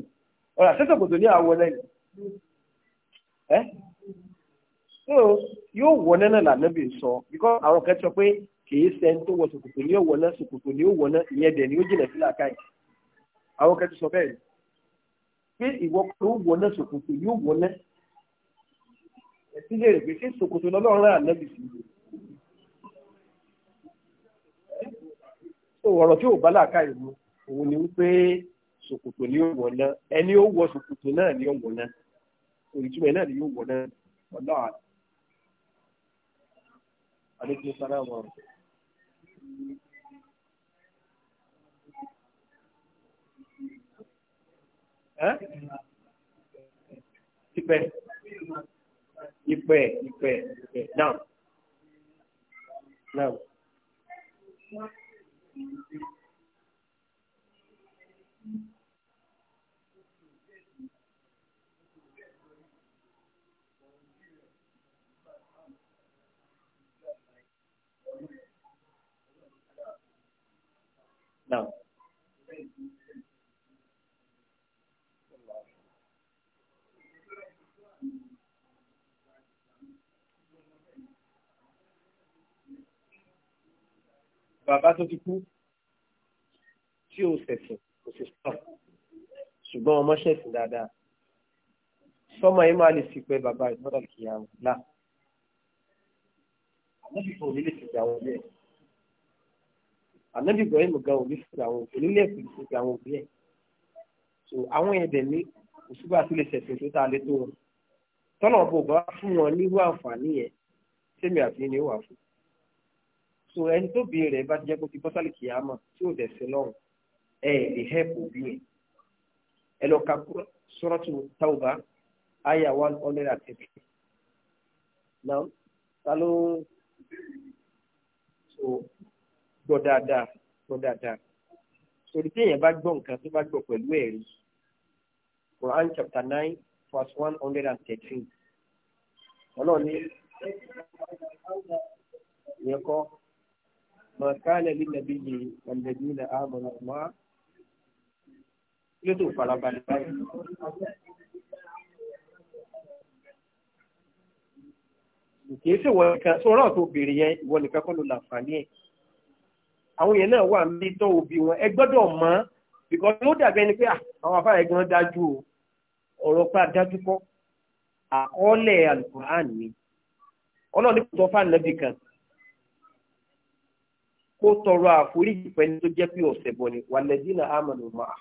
ọ̀rọ̀ àṣẹ́sọ̀kòtò ní àwọ̀ lẹ́nu ẹ́ yóò wọ náà lànàbì sọ bíkọ́ àwọn kan sọ pé kìí sẹ́ni tó wọ ṣòkòtò ní òwò náà ṣòkòtò ní òwò náà ìyẹn dẹ̀ ni ó jìnà sí làákàyè àwọn kan ti sọ bẹ́ẹ̀ pé ìwọ tó wọ náà ṣòkòtò náà ẹ̀sìn lè rè pé ṣé ṣòkòtò sí i ọ̀rọ̀ tí ò bá làákàyè mu òun ṣòkòtò ni ó wọ̀ náà ẹni ó wọ ṣòkòtò náà ni ó wọ̀ náà olùtúmọ̀ náà ni yóò wọ̀ náà ọ̀dọ́ àti. Aleykum salaam wa rahmatulah. Ìpẹ́ ìpẹ́ náà náà. náà. bàbá tó ti kú tí ó ṣẹ̀sìn kò sì sọ ṣùgbọ́n ọmọ ṣẹ̀sìn dáadáa sọmọ yìí máa lè sì pé bàbá ìgbọ́dọ̀ kìyàwó náà àmọ́ sì fún òní lè sì gbà wọlé ẹ̀ ànábì Ibrahim gan òbí fi àwọn òbí nílẹ̀ fi fi àwọn òbí ẹ̀ so àwọn ẹ̀dẹ̀ ní òṣùgbà tó lè ṣẹ̀sìn tó tá a lé tó wọn tọ́nà ọ̀bọ̀ bá fún wọn nírú àǹfààní yẹn sẹ́mi àti ní wà fún so ẹni tó bí rẹ̀ bá ti jẹ́ kó ti bọ́sálì kìámà tí ò dẹ̀ sí lọ́rùn ẹ̀ lè hẹ́pù bí ẹ̀ ẹ lọ ka Suratu Tawbah àyà one hundred and thirty náà ta ló so gbọ́ dáadáa gbọ́ dáadáa sori tí èèyàn bá gbọ́ nǹkan tó bá gbọ́ pẹ̀lú ẹ̀rí Quran chapter nine verse one hundred and thirteen ọlọ́run ní ìyẹn kọ́ ma kana lin nabiyyi wal ladina amanu ma yóò tó farabalẹ̀ báyìí. kì í ṣe ìwọ nìkan sọ̀rọ̀ tó bèrè yẹn ìwọ nìkan kọ́ ló làǹfààní ẹ̀ àwọn èèyàn náà wà ní tọ́ òbí wọn ẹ gbọ́dọ̀ mọ̀ because ló dàbí ẹni pé ah, àwọn afárá ẹ̀gbọ́n dájú o ọ̀rọ̀ pa dájú kọ́ àkọọ́lẹ̀ alukur'an ni ọlọ́run ní kò sọ fún ànábì kan kó tọrọ àforíjì pẹ̀lú tó jẹ́ pé ọ̀sẹ̀ bọ̀ ni wàlẹ́dínà amanu máa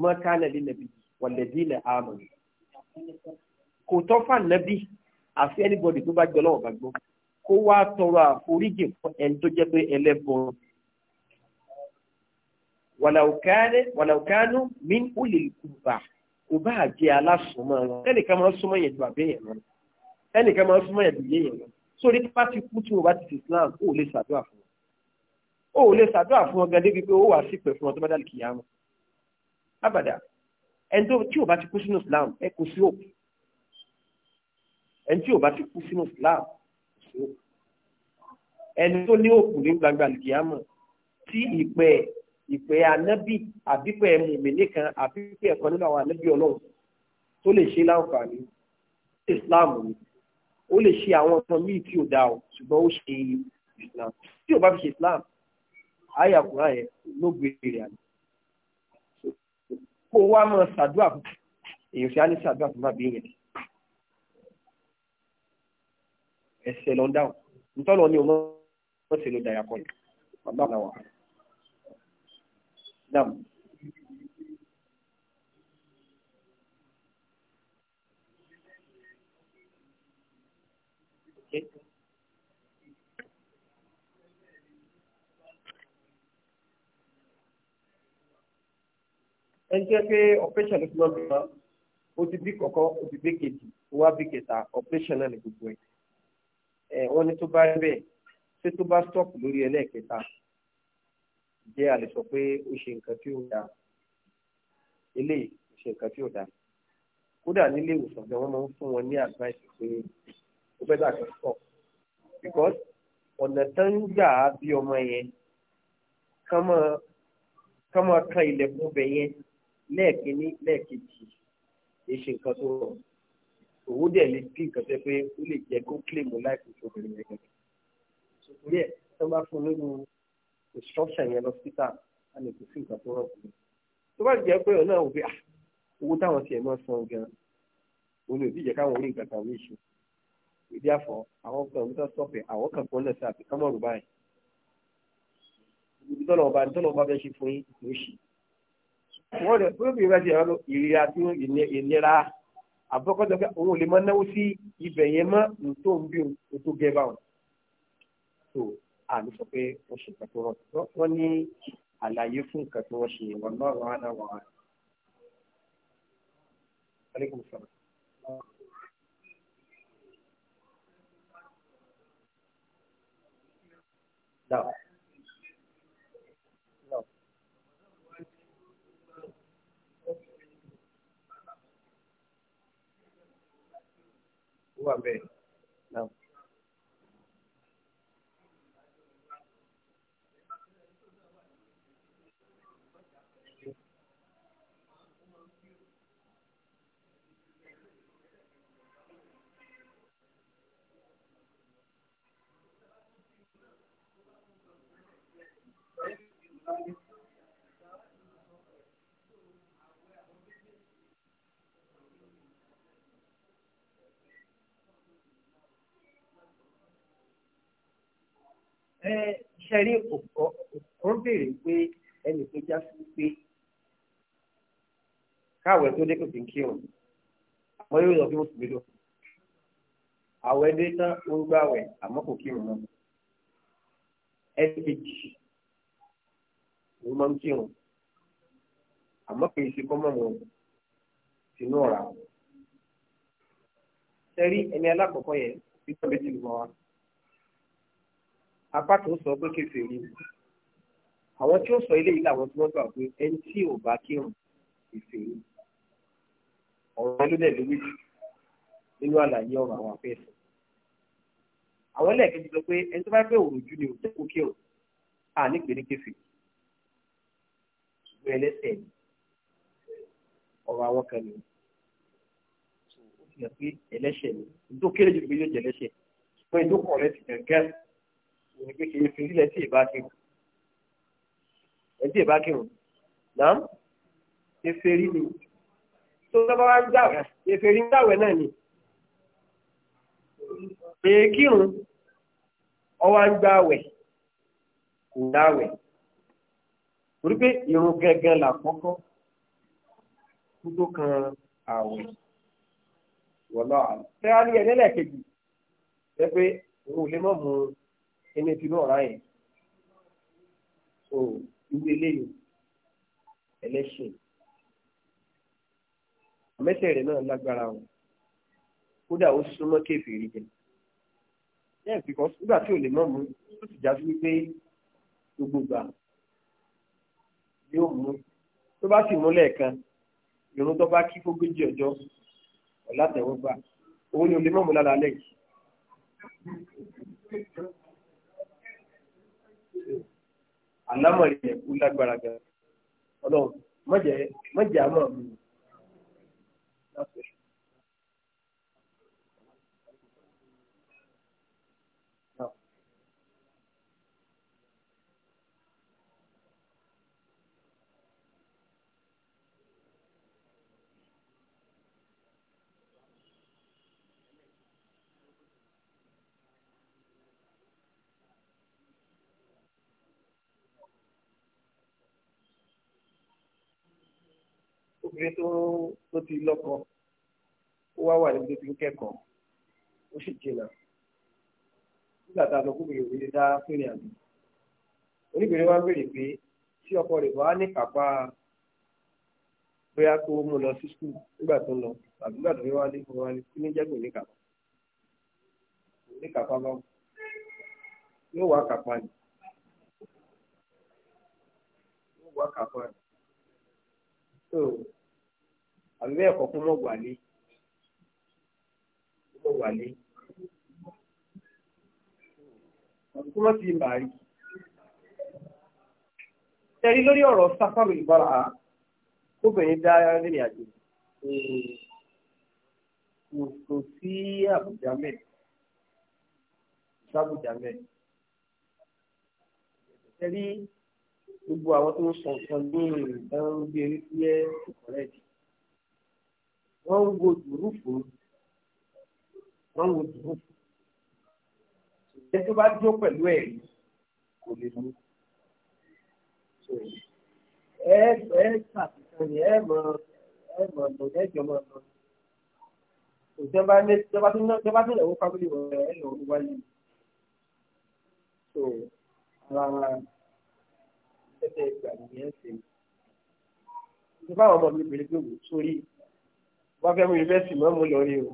mọ́kànlá lè nàbí wàlẹ́dínà amanu kò tọ́ fún ànábì àfi anybody tó bá gbọ́ lọ́wọ́ bá gbọ́ kó wá tọrọ àforíjì fún ẹni tó jẹ́ pé ẹlẹ́bọ wàlàùkánú min olè kùbà kò bá jẹ́ alásùnmọ́ wọn ẹnìkan máa ń súnmọ́ yẹn ju àbẹ́yẹn lọ ẹnìkan máa ń súnmọ́ yẹn ju yẹn lọ sórí tó bá ti kú tí wọn bá ti fi Islam ó lè ṣàdúrà fún wọn ó lè ṣàdúrà fún wọn gan débi ó wà sípè fún wọn tó bá dàlù kìyà abàdà ẹni tí ò bá ti kú sínú Islam ẹ kò sí òkú ẹni tí ò bá ti kú sínú Islam sí òkú ẹni tó ní òkú ní gbangba nìkìyàmọ̀ tí ìpẹ́ ìpẹ́ anábì àbípẹ́ mùmìnì kan àbípẹ́ ẹ̀kọ́ nínú àwọn anábì ọlọ́run tó lè ṣe láǹfààní Islam ni ó lè ṣe àwọn ọ̀tàn míì tí ò dá o ṣùgbọ́n ó ṣe Islam tí ò bá fi ṣe Islam àyà kúrà yẹn ló gbé e rẹ̀ àná kó wá mọ̀ ṣàdúrà fún èèyàn fi á ní ṣàdúrà fún bàbá yẹn ẹsẹ̀ lọ dáhùn nítorí wọn ni ọmọ wọn sì ló dàyà kọ́ yìí bàbá àwọn àwọn dáhùn. ẹni tí wọ́n pé operation ló fi máa ń bá ó ti bí kọ̀ọ̀kan ó ti bí kejì ó wá bí kẹta operation náà ní gbogbo ẹ̀ wọ́n ní tó bá rí bẹ́ẹ̀ ṣé tó bá stop lórí ẹlẹ́ẹ̀kẹta jẹ́ a lè sọ pé ó ṣe nǹkan tí ó dá eléyìí ó ṣe nǹkan tí ó dá kódà nílé ìwòsàn gan wọ́n máa ń fún wọn ní advice pé ó fẹ́ gbà kan stop because ọ̀nà tó ń gbà á bí ọmọ yẹn kán máa kan ilẹ̀kùn bẹ̀ yẹn lẹ́ẹ̀kínní lẹ́ẹ̀kejì èyí ṣe nǹkan tó rọrùn òun dẹ̀ lè bí nǹkan tẹ́ pé ó lè jẹ́ kó kílèmù láìpẹ́ ìṣòro yẹn gan. sòtúrí ẹ̀ tó bá fún nínú instruction yẹn lọ́sítà á lè kó sí nǹkan tó rọ̀ kù. tó bá jẹ́ pé ọ̀nà òbí ah, owó táwọn tiẹ̀ náà san gan òun ò sì jẹ́ káwọn orí nǹkan kan ní ìṣe. ìdí àfọ àwọn kan òun tó sọ̀fẹ̀ àwọn kan kan lẹ̀sẹ̀ àti kámọ́rù báyìí. ibi tọ́lọ̀ ọba tọ́lọ̀ ọba fẹ́ ṣe fún yín ló ṣe. wọ́n rẹ̀ fún ìrẹsì ìrira tí ìnira àbúrọ́kọ́jọ pé òun ò lè máa náwó sí ibẹ̀ yẹn mọ́ nítò ń bí o tó gẹ́ báwọn. tó àmì sọ pé wọ́n ṣe nǹkan tó rọ̀ wọ́n ní àlàyé fún nǹkan tí wọ́n ṣe wọn náà wọ́n á náà wọ́n á. aleykum 万倍。ẹ ṣẹ́rí òkò béèrè pé ẹnì pé já sí pé káwẹ̀ tó dé kò sí kí òun àwọn yóò yọ kí wọ́n sì gbé lọ àwẹ̀ dé tán ó ń gbàwẹ̀ àmọ́ kò kí òun náà ẹ̀ẹ́dẹ̀jì ló máa ń kí òun àmọ́ kì í ṣe kọ́mọ̀ wọn sínú ọ̀rá sẹ́rí ẹni alákọ̀ọ́kọ́ yẹn bí wọ́n bẹ ti lù wọ́n wá apá tó sọ pé kèfèrí àwọn tí ó sọ eléyìí làwọn tí wọ́n gbà pé ẹni tí ò bá kírun kèfèrí ọ̀rọ̀ ẹlódẹ̀ ló wí nínú àlàyé ọ̀rọ̀ àwọn afẹ́sẹ̀ àwọn ẹlẹ́ẹ̀kejì sọ pé ẹni tó bá pẹ́ òròjú ni òjò kó kírun à ní pèrékèfè ṣùgbọ́n ẹlẹ́sẹ̀ ni ọ̀rọ̀ àwọn kan ni ó fi hàn pé ẹlẹ́sẹ̀ ni ìdókèrè jù pé yóò jẹ ẹlẹ́sẹ̀ ṣùgbọ́n ìdókọ̀ ti gàngán òní pé kì í fi sílẹ̀ tí ìbá kírun ẹ̀ tí ìbá kírun náà eferi ni tó bá wá ń dàwẹ̀ eferi ń dàwẹ̀ náà ni èékírun ọwá ń gbàwẹ̀ kò dáwẹ̀ torí pé irun gẹ́gẹ́ làkọ́kọ́ kú tó kan àwẹ̀ wọ̀lọ́ àlọ́ tẹ́wàá ní ẹ̀dẹ́lẹ̀ kejì ẹ pé òun ò lè mọ̀ mú un ẹni tí náà ráyè so irú eléyìí ẹlẹ́sìn àmẹ́sẹ̀ rẹ̀ náà lágbára o kódà ó súnmọ́ kéfèèrè jẹ yẹn because nígbà tí ò lè mọ̀ mú ó sì já sí wípé gbogbo gbà yóò mú tó bá sì mú lẹ́ẹ̀kan ìrún tó bá kí fógójì ọjọ́ ọ̀làtẹ̀wọ́gbà òun ni ò lè mọ̀ mú lára lẹ́yìn àlámọ̀rí yẹn kú lágbára gan ọlọ́run mọ̀jẹ̀ mọ̀jẹ̀ àmọ́ mi. obìnrin tó tó ti lọ́kọ ó wá wà níbi tó ti ń kẹ́kọ̀ọ́ ó sì jìnnà nígbà tá a lọ kúbìrì òbílẹ̀ dá fẹ́rẹ̀ àná oníbìnrin wa ń béèrè pé tí ọkọ rẹ̀ wá ní kápá bóyá kó mú lọ sí skul nígbà tó ń lọ tàbí nígbà tó fi wá ní fún wa ní kí ní jẹ́gbọ̀n ní kápá ní kápá báwo yóò wá kápá ni yóò wá kápá ni àbí bẹ́ẹ̀ kọ́ kó mọ̀ wálé mọ̀ wálé àbí kó mọ̀ sí bàárí. Tẹ̀rí lórí ọ̀rọ̀ sáfàrù ìbára kóbìnrin dá rìnrìn àjò kò sí àbùjá mẹ́rin sábùjá mẹ́rin. Tẹ̀rí gbogbo àwọn tó ń sọ nǹkan ní ìdáhùn bí eré fúyẹ́ wọ́n ń wo dùrú fún wọ́n ń wo dùrú fún ẹ tó bá jó pẹ̀lú ẹ̀ kò lè mú ẹ ẹ ṣàfihàn ni ẹ mọ ẹ mọ lọ ẹjọ mọ lọ ìjọba ní ìjọba tó náà ìjọba tó náà wọ́n fábílì wọ̀ ẹ lọ wọ́n wáyé so ara tẹ́tẹ́ ìgbà nìyẹn ṣe ìjọba àwọn ọmọ mi bèrè pé wò sórí wọ́n fẹ́ mú yunifásitì mọ́ mú lọ rí o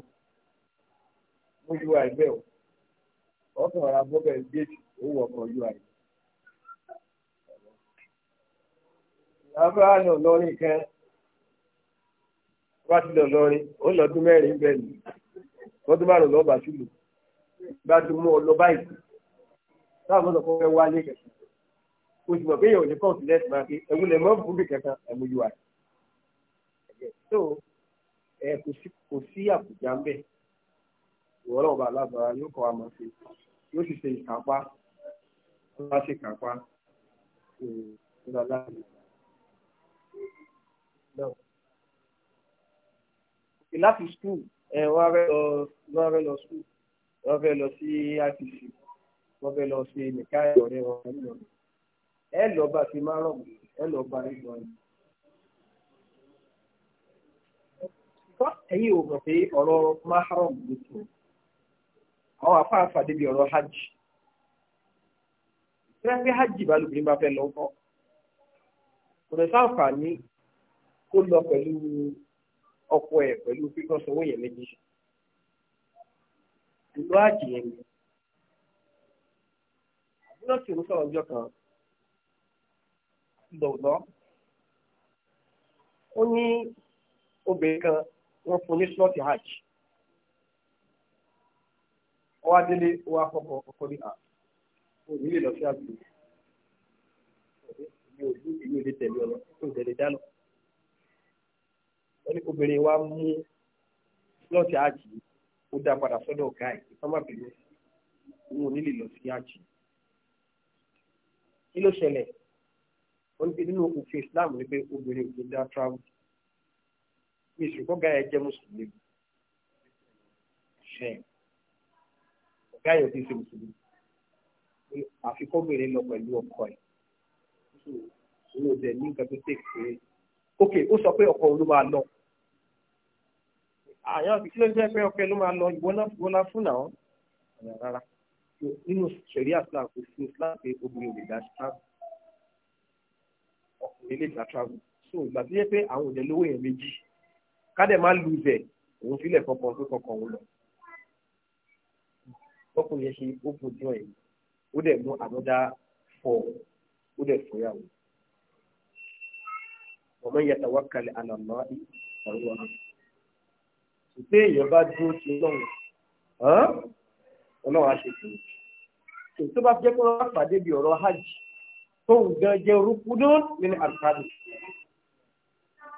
mú ui bẹ́ẹ̀ o wọ́n kàn ra bọ́bẹ̀ géètì owó ọkọ̀ ui. àbúrò àná lọ́rin kan wá sí lọ lọ́rin ó lọ́dún mẹ́rin bẹ́ẹ̀ ni lọ́dún márùn-ún lọ́ọ́ bá sílù bá ti mú ọ lọ táwọn ọmọdé kọ́ fẹ́ wálé kẹ̀kẹ́ o sì mọ̀ pé èèyàn ò ní kọ́ọ̀tù lẹ́sìn máa fi ẹ̀wù lẹ̀ mọ́ fún bí kankan ẹ̀mú ui ẹ kò sí àkùjá ń bẹ̀ ìwọ́lọ́ ọba alábàárà yóò kọ́ àmọ́ sí yóò sì ṣe ìkápá tó bá ṣe ìkápá ìrọ̀lá náà. láti skul ẹ wọ́n fẹ́ lọ wọ́n fẹ́ lọ skul wọ́n fẹ́ lọ sí ITC wọ́n fẹ́ lọ ṣe nìka ẹ̀rọ rẹ̀ wọ́n fẹ́ lọ ti máa rọ̀ ẹ lọ́ọ́ bá ẹ tọ́ ẹ̀yìn ò mọ̀ pé ọ̀rọ̀ mahram ló tó àwọn afáàfà débi ọ̀rọ̀ hajj tẹ́lẹ̀ pé hajj bá lóbìnrin bá fẹ́ lọ kọ́ kò lè sáǹfààní kó lọ pẹ̀lú ọkọ ẹ̀ pẹ̀lú fífọ́ sanwó yẹn méjì ìlú hajj yẹn ni àbúrò tí òun sọ̀rọ̀ ọjọ́ kan lọ́wọ́ ó ní obìnrin kan wọ́n fún ní slọ́ọ̀tì hajj ọwọ́ adélé ọwọ́ akọ́kọ́ ọkọ ní àá òní lè lọ sí àgbè mi ò dún èmi ò lè tẹ̀lé ọ lọ kó tẹ̀lé dáná wọ́n ní obìnrin wa mú slọ́ọ̀tì hajj ó dá padà sọ́dọ̀ ọ̀gá ẹ̀ kí sọ́mà bìnú òun ò ní lè lọ sí hajj kí ló ṣẹlẹ̀ wọ́n ní pé nínú òfin Islam ni pé obìnrin ò ti dá travel èṣù kọ́gá ẹ̀ jẹ́ mùsùlùmí ṣe ọ̀gá ẹ̀ ò ti ṣe mùsùlùmí àfikọ́ bèrè lọ pẹ̀lú ọkọ ẹ̀ ló dẹ̀ ní nǹkan tó tẹ̀ pé ókè ó sọ pé ọkọ ló máa lọ àyàn kí ló ń jẹ́ pé ọkọ ló máa lọ ìwọ náà fún náà ọ̀nà rárá nínú sẹ̀ríà islam kò sí islam pé obìnrin ò lè dá travel ọkùnrin lè dá travel so ìgbà tó yẹ pé àwọn òde lówó yẹn méjì kádẹ̀ má lu ibẹ̀ òun sílẹ̀ fọkàn tó kọkàn òun lọ. tọkùn yẹn ṣe ó fojú ẹ̀ ó dẹ̀ mú ànọ́dá fọ̀ ó dẹ̀ fọyàwó. ọmọ yàtọ̀ wá kalẹ̀ àlàmọ́ ìtàwọn ìpè èèyàn bá dúró sí ọlọ́run ọlọ́run á ṣe kìí ṣe tó bá jẹ́ pé wọ́n pàdé bí ọ̀rọ̀ hajj tóun gan jẹ́ rúkúdún nínú àlùkàdù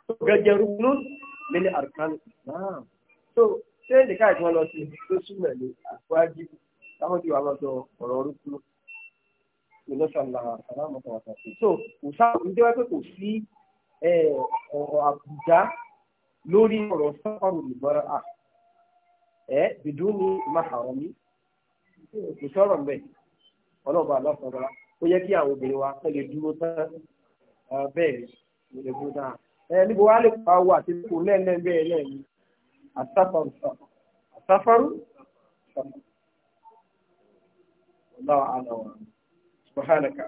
tóun gan jẹ́ rúkúdún lílé àrùkálù náà so ṣé nìka ìfọ́n lọ sí tó súnmọ̀ ní àfúrájì táwọn ti wà máa sọ ọ̀rọ̀ orúkú ìlọ́sàlà aláàmọ̀tàwàtà sí so kò sá ǹjẹ́ wáyé pé kò sí ọ̀rọ̀ àbùjá lórí ọ̀rọ̀ sáfàrù ìbọ̀ra à ẹ̀ bìdú ni màhàrọ̀ mi kò sọ̀rọ̀ mbẹ́ ọlọ́ọ̀bà aláfọ̀ọ́ra ó yẹ kí àwọn obìnrin wa kọ́ lè dúró tán bẹ́ẹ̀ ni lè dúró dáa ẹ níbo wá lè pa owó àti kò lẹ́ẹ̀lẹ́gbẹ̀ẹ́ lẹ́ẹ̀ni àsáfàrù sàmà àsáfàrù sàmà wallahu a'lam subhanaka